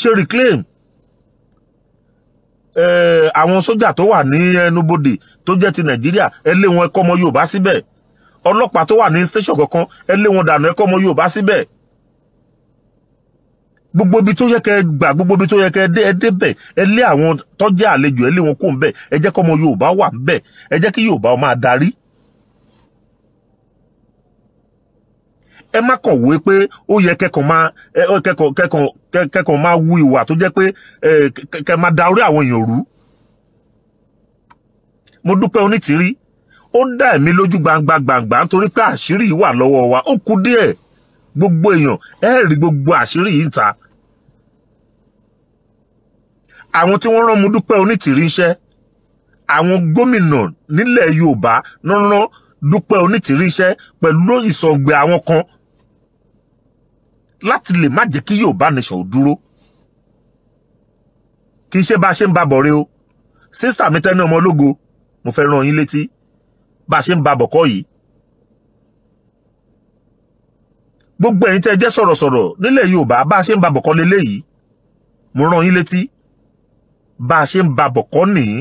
ṣe reclaim àwọn sójà tó wà ní ẹnubodè tó jẹ́ ti nàìjíríà ẹ lé wọn ẹ kó ọmọ yorùbá síbẹ̀ ọlọ́pàá tó wà ní station kankan ẹ lé wọn dànù ẹ kó ọmọ yorùbá síbẹ̀ gbogbo ibi tó yẹ kẹ́ gbà gbogbo ibi tó yẹ kẹ́ dé ẹ débẹ̀ ẹ lé àwọn tó jẹ́ àlejò ẹ wọn kó ń bẹ̀ ẹ jẹ́ ọmọ yorùbá wà ń bẹ̀ ẹ kí yorùbá máa darí ẹ má kàn wé pé ó yẹ kẹkàn máa kẹkàn kẹkàn kẹkàn máa wu ìwà tó jẹ́ pé kẹ máa da orí àwọn èèyàn rú mo dúpẹ́ onítìrí ó dá ẹ̀mí lójú gbangba gbangba nítorí pé àṣírí yìí wà lọ́wọ́ wa ó kú díẹ̀ gbogbo èèyàn ẹ rí gbogbo àṣírí yìí ta àwọn tí wọ́n rán Modúpẹ́ Onítìrí iṣẹ́ àwọn gómìnà nílẹ̀ Yorùbá rán Dúpẹ́ Onítìrí iṣẹ́ pẹ̀lú ìsọ̀gbẹ̀ àwọn kan láti lè má jẹ́ kí Yorùbá nation ò dúró kì í ṣe bá a ṣe ń babọ̀ re o sísítà mi tẹ́ni ọmọ ológo mo fẹ́ rán yín létí bá a ṣe ń babọ̀ kọ́ yìí gbogbo ẹ̀yin tẹ́ jẹ́ sọ̀rọ̀sọ̀rọ̀ nílẹ̀ Yorùbá bá a ṣe ń babọ̀ kọ́ leléyìí mo rán yín létí bá a ṣe ń babọ̀ kọ́ nìyí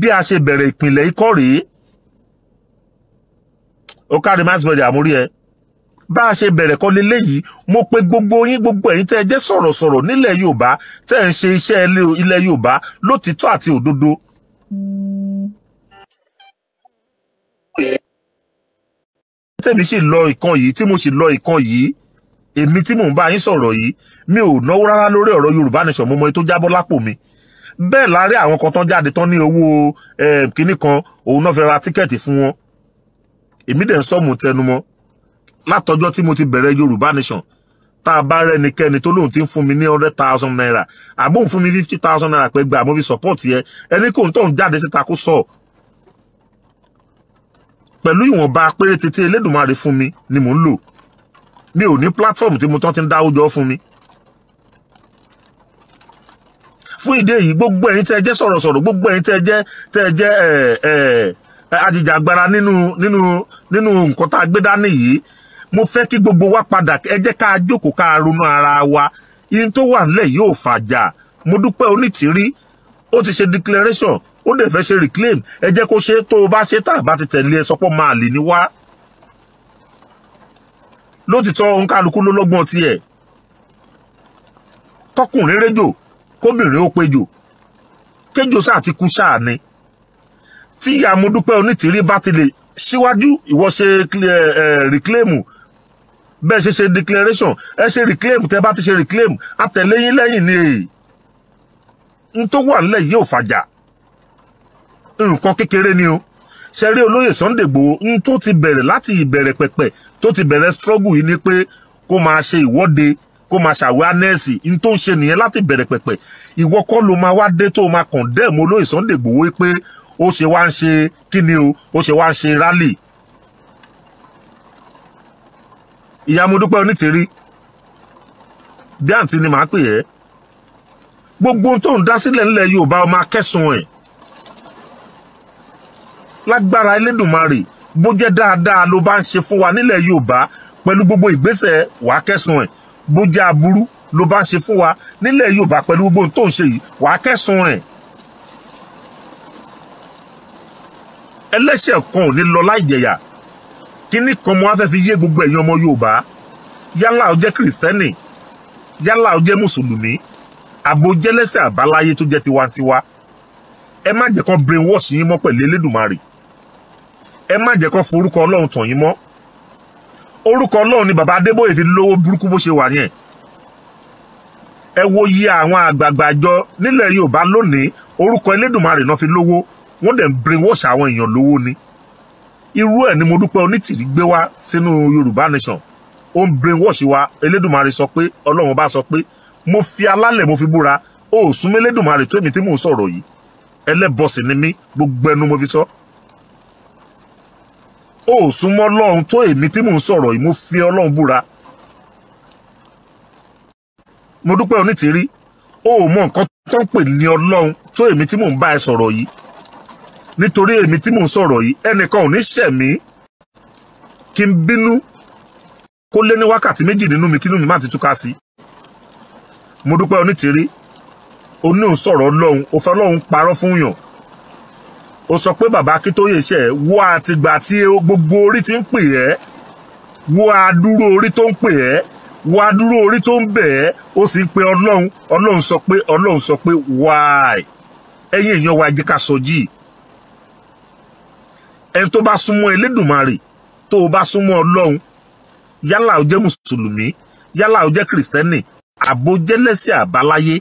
bí a ṣe bẹ̀rẹ̀ ìpìlẹ̀ ikọ́ rèé ó kárí mass media àmúrí ẹ bá a ṣe bẹ̀rẹ̀ kọ́ leléyìí mo pe gbogbo yín gbogbo ẹ̀yin tẹ́ ẹ jẹ́ sọ̀rọ̀sọ̀rọ̀ nílẹ̀ Yorùbá tẹ́ ẹ ń ṣe iṣẹ́ ilẹ̀ Yorùbá lótìtọ́ àti òdodo. tèmi sì lọ ìkan yìí tí mo sì lọ ìkan yìí èmi tí mò ń bá yín sọ̀rọ̀ yìí mi ò náwó rárá lórí ọ̀rọ̀ Yorùbá nation mo mọ èyí tó jábọ́ lápò mi bẹ́ẹ̀ láàárín àwọn kan tán jáde tán ní owó eh, kínní kan òun náà fẹ́ ra tíkẹ́ẹ̀tì fún wọn èmi dẹ̀ ń sọ́mù tẹnumọ́ látọjọ́ tí mo ti bẹ̀rẹ̀ Yorùbá Nation tá a bá rẹ́nikẹ́ni tó lóun ti ń fún mi ní hundred thousand naira àbóun fún mi fifty thousand naira pé gbà mo fi support yẹ ẹni kò ń tọ̀hún jáde síta kó sọ pẹ̀lú ìwọ̀nba péréte tí Elédùmarè fún mi ni mò ń lò mi ò ní platform tí mo tán ti ń dáwó jọ fún mi fún ìdí èyí gbogbo ẹ̀yin tẹ́ jẹ́ sọ̀rọ̀sọ̀rọ̀ gbogbo ẹ̀yin tẹ́ jẹ́ tẹ́ jẹ́ ẹ ẹ ajìjàgbara nínú nínú nínú nǹkan tá a gbé dání yìí mo fẹ́ kí gbogbo wa padà ẹ jẹ́ ká jókòó ká ronú ara wa ihun tó wà nílẹ̀ yóò fàjà mo dúpẹ́ onítìrí ó ti ṣe declaration ó dẹ̀ fẹ́ ṣe reclaim ẹ jẹ́ kó ṣe tó o bá ṣe tá a bá ti tẹ̀lé ẹ sọpọ́ máa lè ní wá lótìtọ́ òǹkálukú ló lọ́gbọ́n tiẹ̀ kọkùnrin rédò kóbìnrin ó péjò kéjò sáà ti kú sáà ni tí àmúdúpẹ́ onítìrí bá ti lè síwájú ìwọ ṣe eh, eh, reclaim bẹ́ẹ̀ ṣe ṣe declaration ẹ ṣe reclaim tẹ́ bá ti ṣe reclaim àtẹ̀lẹ́yìn lẹ́yìn ni èyí n tó wà nílẹ̀ yìí ò fàjà nǹkan kékeré ni o ṣẹ̀rí olóyè Sunday Igboho n tó ti bẹ̀rẹ̀ láti ìbẹ̀rẹ̀ pẹ̀pẹ̀ tó ti bẹ̀rẹ̀ struggle yìí ni pé kó máa ṣe ìwọ́de kó máa ṣàwẹ́ánẹ́ẹ̀sì n tó ń ṣe nìyẹn láti bẹ̀rẹ̀ pẹ̀pẹ̀ ìwọ kọ́ ló máa wá dé tó máa condemn olóyè Sunday Igboho pé ó ṣe wá ń ṣe kí o ó ṣe wá ń ṣe rally ìyá mo dúpẹ́ onítìrí bí àǹtí ni màá pè ẹ́ gbogbo ohun tó ń dá sílẹ̀ ńlẹ̀ Yorùbá ọmọ akẹ́sùn ẹ̀ lágbára Elédùmarè bó jẹ́ dáadáa ló bá ń ṣe fún wa nílẹ̀ Yorùbá pẹ̀lú gbogbo ìgbésẹ̀ wàá kẹ́sùn ẹ̀ bó jẹ́ aburú ló bá ń ṣe fún wa nílẹ̀ Yorùbá pẹ̀lú gbogbo ohun tó ń ṣe yìí wàá kẹ́sùn ẹ̀. ẹlẹ́ṣẹ̀ kan ò ní lọ láì jẹ̀yà kíní kan mo wá fẹ́ fi yé gbogbo ẹ̀yin ọmọ Yorùbá yálà ó jẹ́ kìrìsìtẹ́nì yálà ó jẹ́ mùsùlùmí àbò jẹ́lẹ́sẹ̀ àbáláyé tó jẹ́ tiwantiwa ẹ má jẹ́ kán brainwash yín mọ́ pẹ̀lú Elédùmarè ẹ má jẹ́ kán forúkọ Ọlọ́run tàn yín mọ́ orúkọ Ọlọ́run ni bàbá Adébóyè fi lówó burúkú bó ṣe wà yẹn ẹ wo iye àwọn àgbààgbà àjọ nílẹ̀ Yorùbá lónìí orúkọ Elédùmarè náà fi lówó wọ́n dẹ̀ ń brainwash àwọn èèyàn lówó ni irú ẹ̀ ni mo dúpẹ́ onítìrí gbé wá sínú yorùbá nation ó ń brainwash wa elédùnmarè sọ pé ọlọ́run bá sọ pé mo fi alálẹ̀ mo fi búra ó sún mélédùnmarè tó èmi tí mò ń sọ̀rọ̀ yìí ẹlẹ́bọ̀sì ni mí gbogbo ẹnu mo fi sọ ó sún mọ́ ọlọ́run tó èmi tí mò ń sọ̀rọ̀ yìí mo fi ọlọ́run búra mo dúpẹ́ onítìrí ó mọ nǹkan tó ń pè ní ọlọ́run tó èmi tí mò ń bá ẹ sọ̀rọ̀ yìí nítorí èmi tí mò ń sọ̀rọ̀ yìí ẹnìkan ò ní ṣẹ̀ mí kí n bínú kó lé ní wákàtí méjì nínú mi kínú mi má ti túká sí mo dúpẹ́ onítìrí oní ò sọ̀rọ̀ ọlọ́run ò fẹ́ ọlọ́run parọ́ fún yàn ó sọ pé bàbá akíntóye iṣẹ́ wo àtìgbà tí gbogbo orí ti ń pè ẹ́ wo àdúró orí tó ń pè ẹ́ wo àdúró orí tó ń bẹ̀ ẹ́ ó sì ń pe ọlọ́run ọlọ́run sọ pé ọlọ́run sọ pé wáì ẹ̀yin èèyàn wa jẹ́ ká sọ jíì ẹni tó bá súnmọ́ Elédùmarè tó o bá súnmọ́ Ọlọ́run yálà o jẹ́ mùsùlùmí yálà o jẹ́ kìrìsìtẹ́nì àbójẹ́lẹ́sìn àbáláyé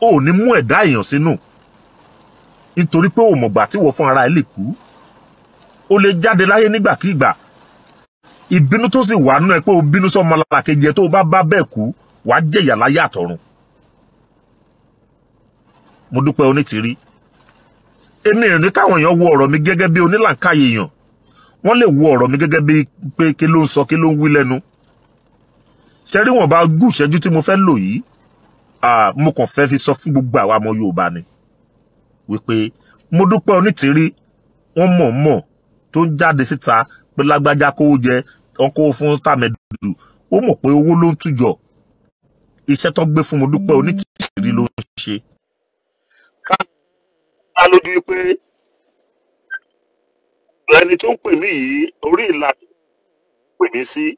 ò ní mú ẹ̀dá èèyàn sínú nítorí pé òmọ̀gbà tí wọ́n fún ara ẹ̀ lè kú o lè jáde láyé nígbàkigbà ìbínú tó sì wà nú ẹ pé o bínú sọmọ làkejì ẹ tó o bá bá bẹ́ẹ̀ kú wàá jẹ̀yà láyé àtọ̀run mo dúpẹ́ onítìrí èmi ò ní káwọn èèyàn wo ọ̀rọ̀ mi gẹ́gẹ́ bí onílànkáyè èèyàn wọ́n lè wo ọ̀rọ̀ mi gẹ́gẹ́ bí pé kí ló ń sọ kí ló ń wí lẹ́nu ṣe rí wọn bá gùn ìṣẹ́jú tí mo fẹ́ lò yìí mo kàn fẹ́ fi sọ fún gbogbo àwa ọmọ Yorùbá ni wípé mo dúpẹ́ onítìrí wọ́n mọ̀ọ́mọ̀ tó ń jáde síta pé lágbájá kówó jẹ ọkọ̀ fún tàmẹ́dùdù ó mọ̀ pé owó ló ń tújọ iṣẹ́ tó gbé fún mo dúpẹ́ onítìrí ló ń ṣe dá lójú pé ẹni tó ń pè mí yìí orí ìlà pè mí sí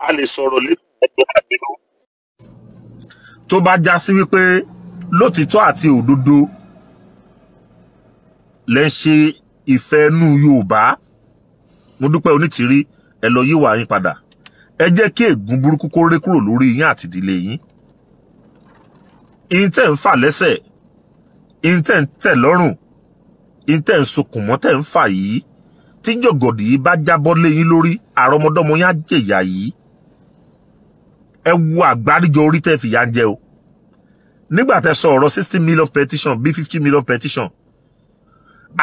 a lè sọ̀rọ̀ lẹ́tọ̀ọ́ àbínú. tó bá já sí wípé lótìtọ́ àti òdodo lẹ́ ń ṣe ìfẹ́ inú Yorùbá mo dúpẹ́ onítìrí ẹ lọ yíwà yín padà ẹ jẹ́ kí ègún burúkú kó ré kúrò lórí yín àti ìdílé yín ìyín tẹ̀ ń fà lẹ́sẹ̀ ìtẹ̀ ń tẹ̀ lọ́rùn ìtẹ̀ ń sunkùn mọ́ tẹ̀ ń fà yìí tí jọ̀gọ̀dì yìí bá jábọ́ lé yín lórí àrọmọdọ́mọ yín á jèyà yìí ẹ wo àgbáríjọ orí tẹ́ fìyà jẹ o nígbà tẹ́ sọ ọ̀rọ̀ sixty million petition bí fifty million petition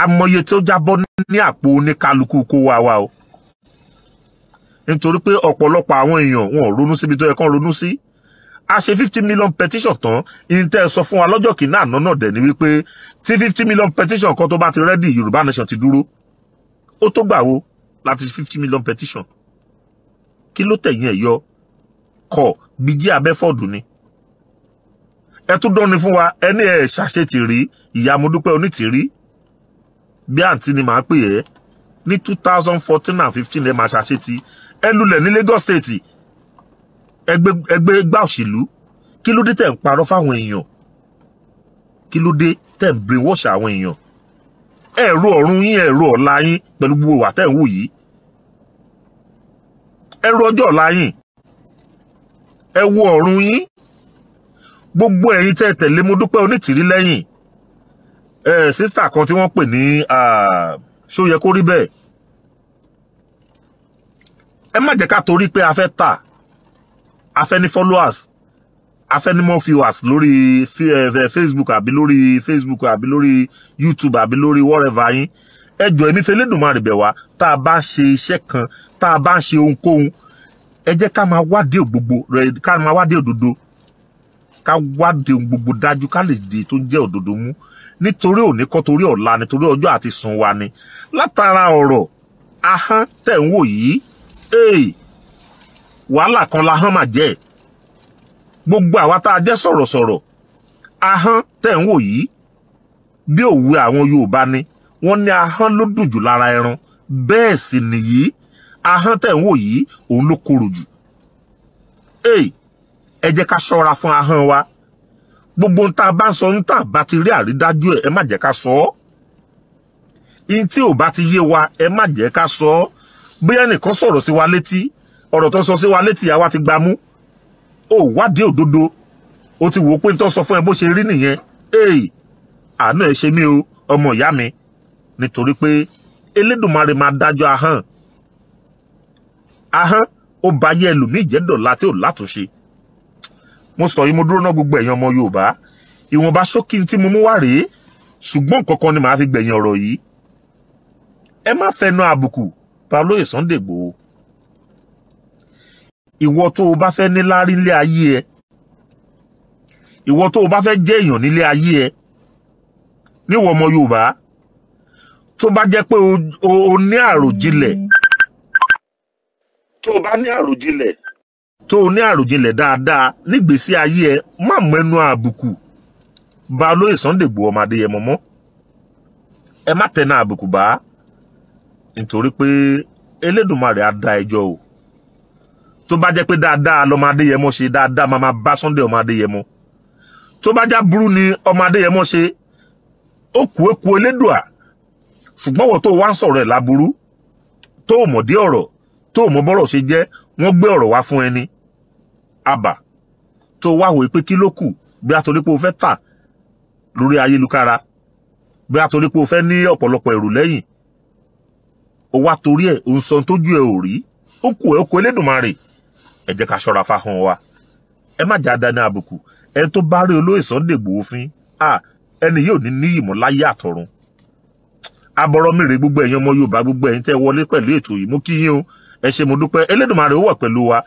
amọye tó jábọ́ ní àpò oníkálukú kó wá wa o nítorí pé ọ̀pọ̀lọpọ̀ àwọn èèyàn wọn ò ronú síbi tó yẹ kán ronú sí. Si a ṣe fifty million petition tán ìtẹ́ sọ fún wa lọ́jọ́ kìíní àná náà dẹ̀ ni wípé tí fifty million petition kan tó bá ti rẹ́dì yorùbá nation ti dúró ó tó gbà wo láti fifty million petition kí ló tẹ̀yìn ẹ̀ yọ kọ̀ bíjí abẹ́fọ́ọ̀dù ni ẹ tún dánni fún wa ẹni ẹ ṣàṣetì rí ìyá amúdúpẹ́ onítìrí bí àǹtí ni màá pè ẹ́ ní two thousand fourteen and fifteen ẹ máa ṣàṣetì ẹ lulẹ̀ ní Lagos State ẹgbẹ́ ẹgbẹ́ gbà òṣèlú kí ló dé tẹ̀ ń parọ́ fáwọn èèyàn kí ló dé tẹ̀ ń brainwash àwọn èèyàn ẹ̀rọ ọ̀run yín ẹ̀rọ ọ̀la yín pẹ̀lú gbogbo ìwà tẹ̀ ń wù yìí ẹ̀rọ ọjọ́ ọ̀la yín ẹ wo ọ̀run yín gbogbo ẹ̀yin tẹ́ tẹ̀lé mo dúpẹ́ onítìrí lẹ́yìn ẹ̀ sísítà kan tí wọ́n pè ní ṣó yẹ kó rí bẹ́ẹ̀ ẹ má jẹ́ ká torí pé a fẹ́ tà afẹ́ni followers afẹ́ni more viewers lórí eh, facebook àbí lórí facebook àbí lórí youtube àbí lórí whatever yín ẹ jọ̀ọ́ èmi fẹ́ lẹ́dùnmarè bẹ̀ wá tá a bá ń ṣe iṣẹ́ kan tá a bá ń ṣe ohunkóhun ẹ jẹ́ ká máa wádìí gbogbo rẹ ká máa wádìí òdodo ká wádìí gbogbo dájú ká lè di tó jẹ́ òdodo mú nítorí òní kọ́ torí ọ̀la nítorí ọjọ́ àti sùn wa ni látara ọ̀rọ̀ ahọ́n tẹ̀ ń wò yìí wàhálà kan la hán mà jẹ́ gbogbo àwa tá a jẹ́ sọ̀rọ̀sọ̀rọ̀ ahán tẹ̀ ń wò yìí bí òwe àwọn Yorùbá ni wọ́n ní ahán ló dùn jù lára ẹran bẹ́ẹ̀ sì nìyí ahán tẹ̀ ń wò yìí òun ló korò jù ẹ jẹ́ ká ṣọ́ra fún ahán wa gbogbo ń tá a bá ń sọ ń tà bá ti rí àrídájú ẹ ẹ má jẹ́ ká sọ ọ́ in tí ò bá ti yé wa ẹ má jẹ́ ká sọ ọ́ bóyá nìkan sọ̀rọ̀ sí wa létí ọ̀rọ̀ tó ń sọ sí wa létí àwa ti gbámú ó wádìí òdodo ó ti wò ó pé tó ń sọ fún ẹ bó ṣe rí nìyẹn èè àánú ẹ ṣe mí o ọmọ ìyá mi nítorí pé elédùnmarè máa dájọ́ ahọ́n ahọ́n ó bá yẹ ẹlòmíì jẹ́ dọ̀la tí ò látúnṣe mo sọ yìí mo dúró ná gbogbo ẹ̀yin ọmọ Yorùbá ìwọ̀nba ṣókí tí mo mú wá rèé ṣùgbọ́n kankan ni màá fi gbẹ̀yìn ọ̀rọ̀ yìí ẹ má fẹnu àbùkù pa Sunday Igboho ìwọ tó o bá fẹ́ níláárí nílé ayé ẹ ìwọ tó o bá fẹ́ jẹ́ èèyàn nílé ayé ẹ níwọ ọmọ Yorùbá tó bá jẹ́ pé o ní àròjinlẹ̀ tó o bá ní àròjinlẹ̀ tó o ní àròjinlẹ̀ dáadáa nígbésí ayé ẹ má mẹ́nu àbùkù bá olóyè Sunday Igboho ọmọ Adéyẹmọ mọ́ ẹ má tẹnu àbùkù bá nítorí pé Elédùmarè á dá ẹjọ́ o tó bá jẹ́ pé dáadáa lọ́mọ adéyẹmọ ṣe dáadáa máa máa bá Sunday ọmọ adéyẹmọ tó bá já burú ni ọmọ adéyẹmọ ṣe ó kú eku elédùà ṣùgbọ́n wọ́n tó wá ń sọ̀rọ̀ ẹ̀ láburú tó o mọ̀ dé ọ̀rọ̀ tó o mọ̀ bọ́rọ̀ ṣe jẹ́ wọ́n gbé ọ̀rọ̀ wá fún ẹni àbà tó wá wòye pé kí ló kù bí a o fẹ́ tà lórí ayélujára bí a torí fẹ́ ní ọ̀pọ̀lọpọ̀ èrò lẹ́yìn o wá torí ẹ̀ o sọ tójú ẹ̀ ò rí ó kù ẹ̀ ó kú elédùnmarè ẹ jẹ́ ká ṣọ́ra fáhàn wa ẹ má já dáná àbùkù ẹ tó bá rí olóyè Sunday Igboho fín ẹni yóò ní ní ìmọ̀ láyé àtọ̀run abọ́rọ́mìrè gbogbo ẹ̀yin ọmọ Yorùbá gbogbo ẹ̀yin tẹ́ wọlé pẹ̀lú ètò yìí mú kí yín o ẹ wa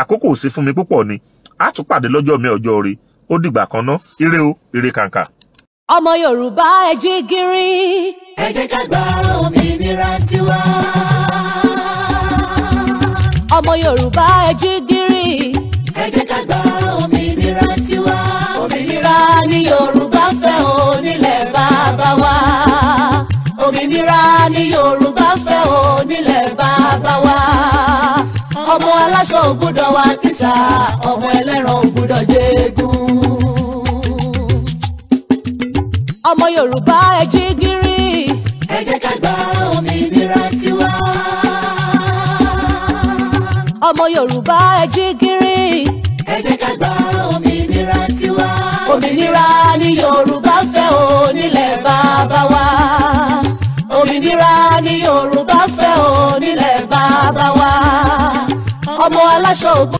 àkókò sí fún ni a tún pàdé lọ́jọ́ mi ọjọ́ ó dìgbà kan ọmọ Yorùbá ẹ jí ẹ ká òmìnira tiwa. ọmọ Yorùbá ẹ jí gìrì. ẹ jẹ́ ká gba òmìnira tiwa. òmìnira ni Yorùbá fẹ́ o bàbá wa. òmìnira ni Yorùbá fẹ́ o nílẹ̀ bàbá wa. ọmọ aláṣọ ò gbọ́dọ̀ kìsà ọmọ ẹlẹ́ran ò gbọ́dọ̀ ọmọ Yorùbá ọmọ Yorùbá ẹ jí gìrì. ẹ jẹ́ ká gba òmìnira tiwa. òmìnira ni Yorùbá fẹ́ o nílẹ̀ bàbá wa. òmìnira ni Yorùbá fẹ́ o nílẹ̀ bàbá wa. ọmọ aláṣọ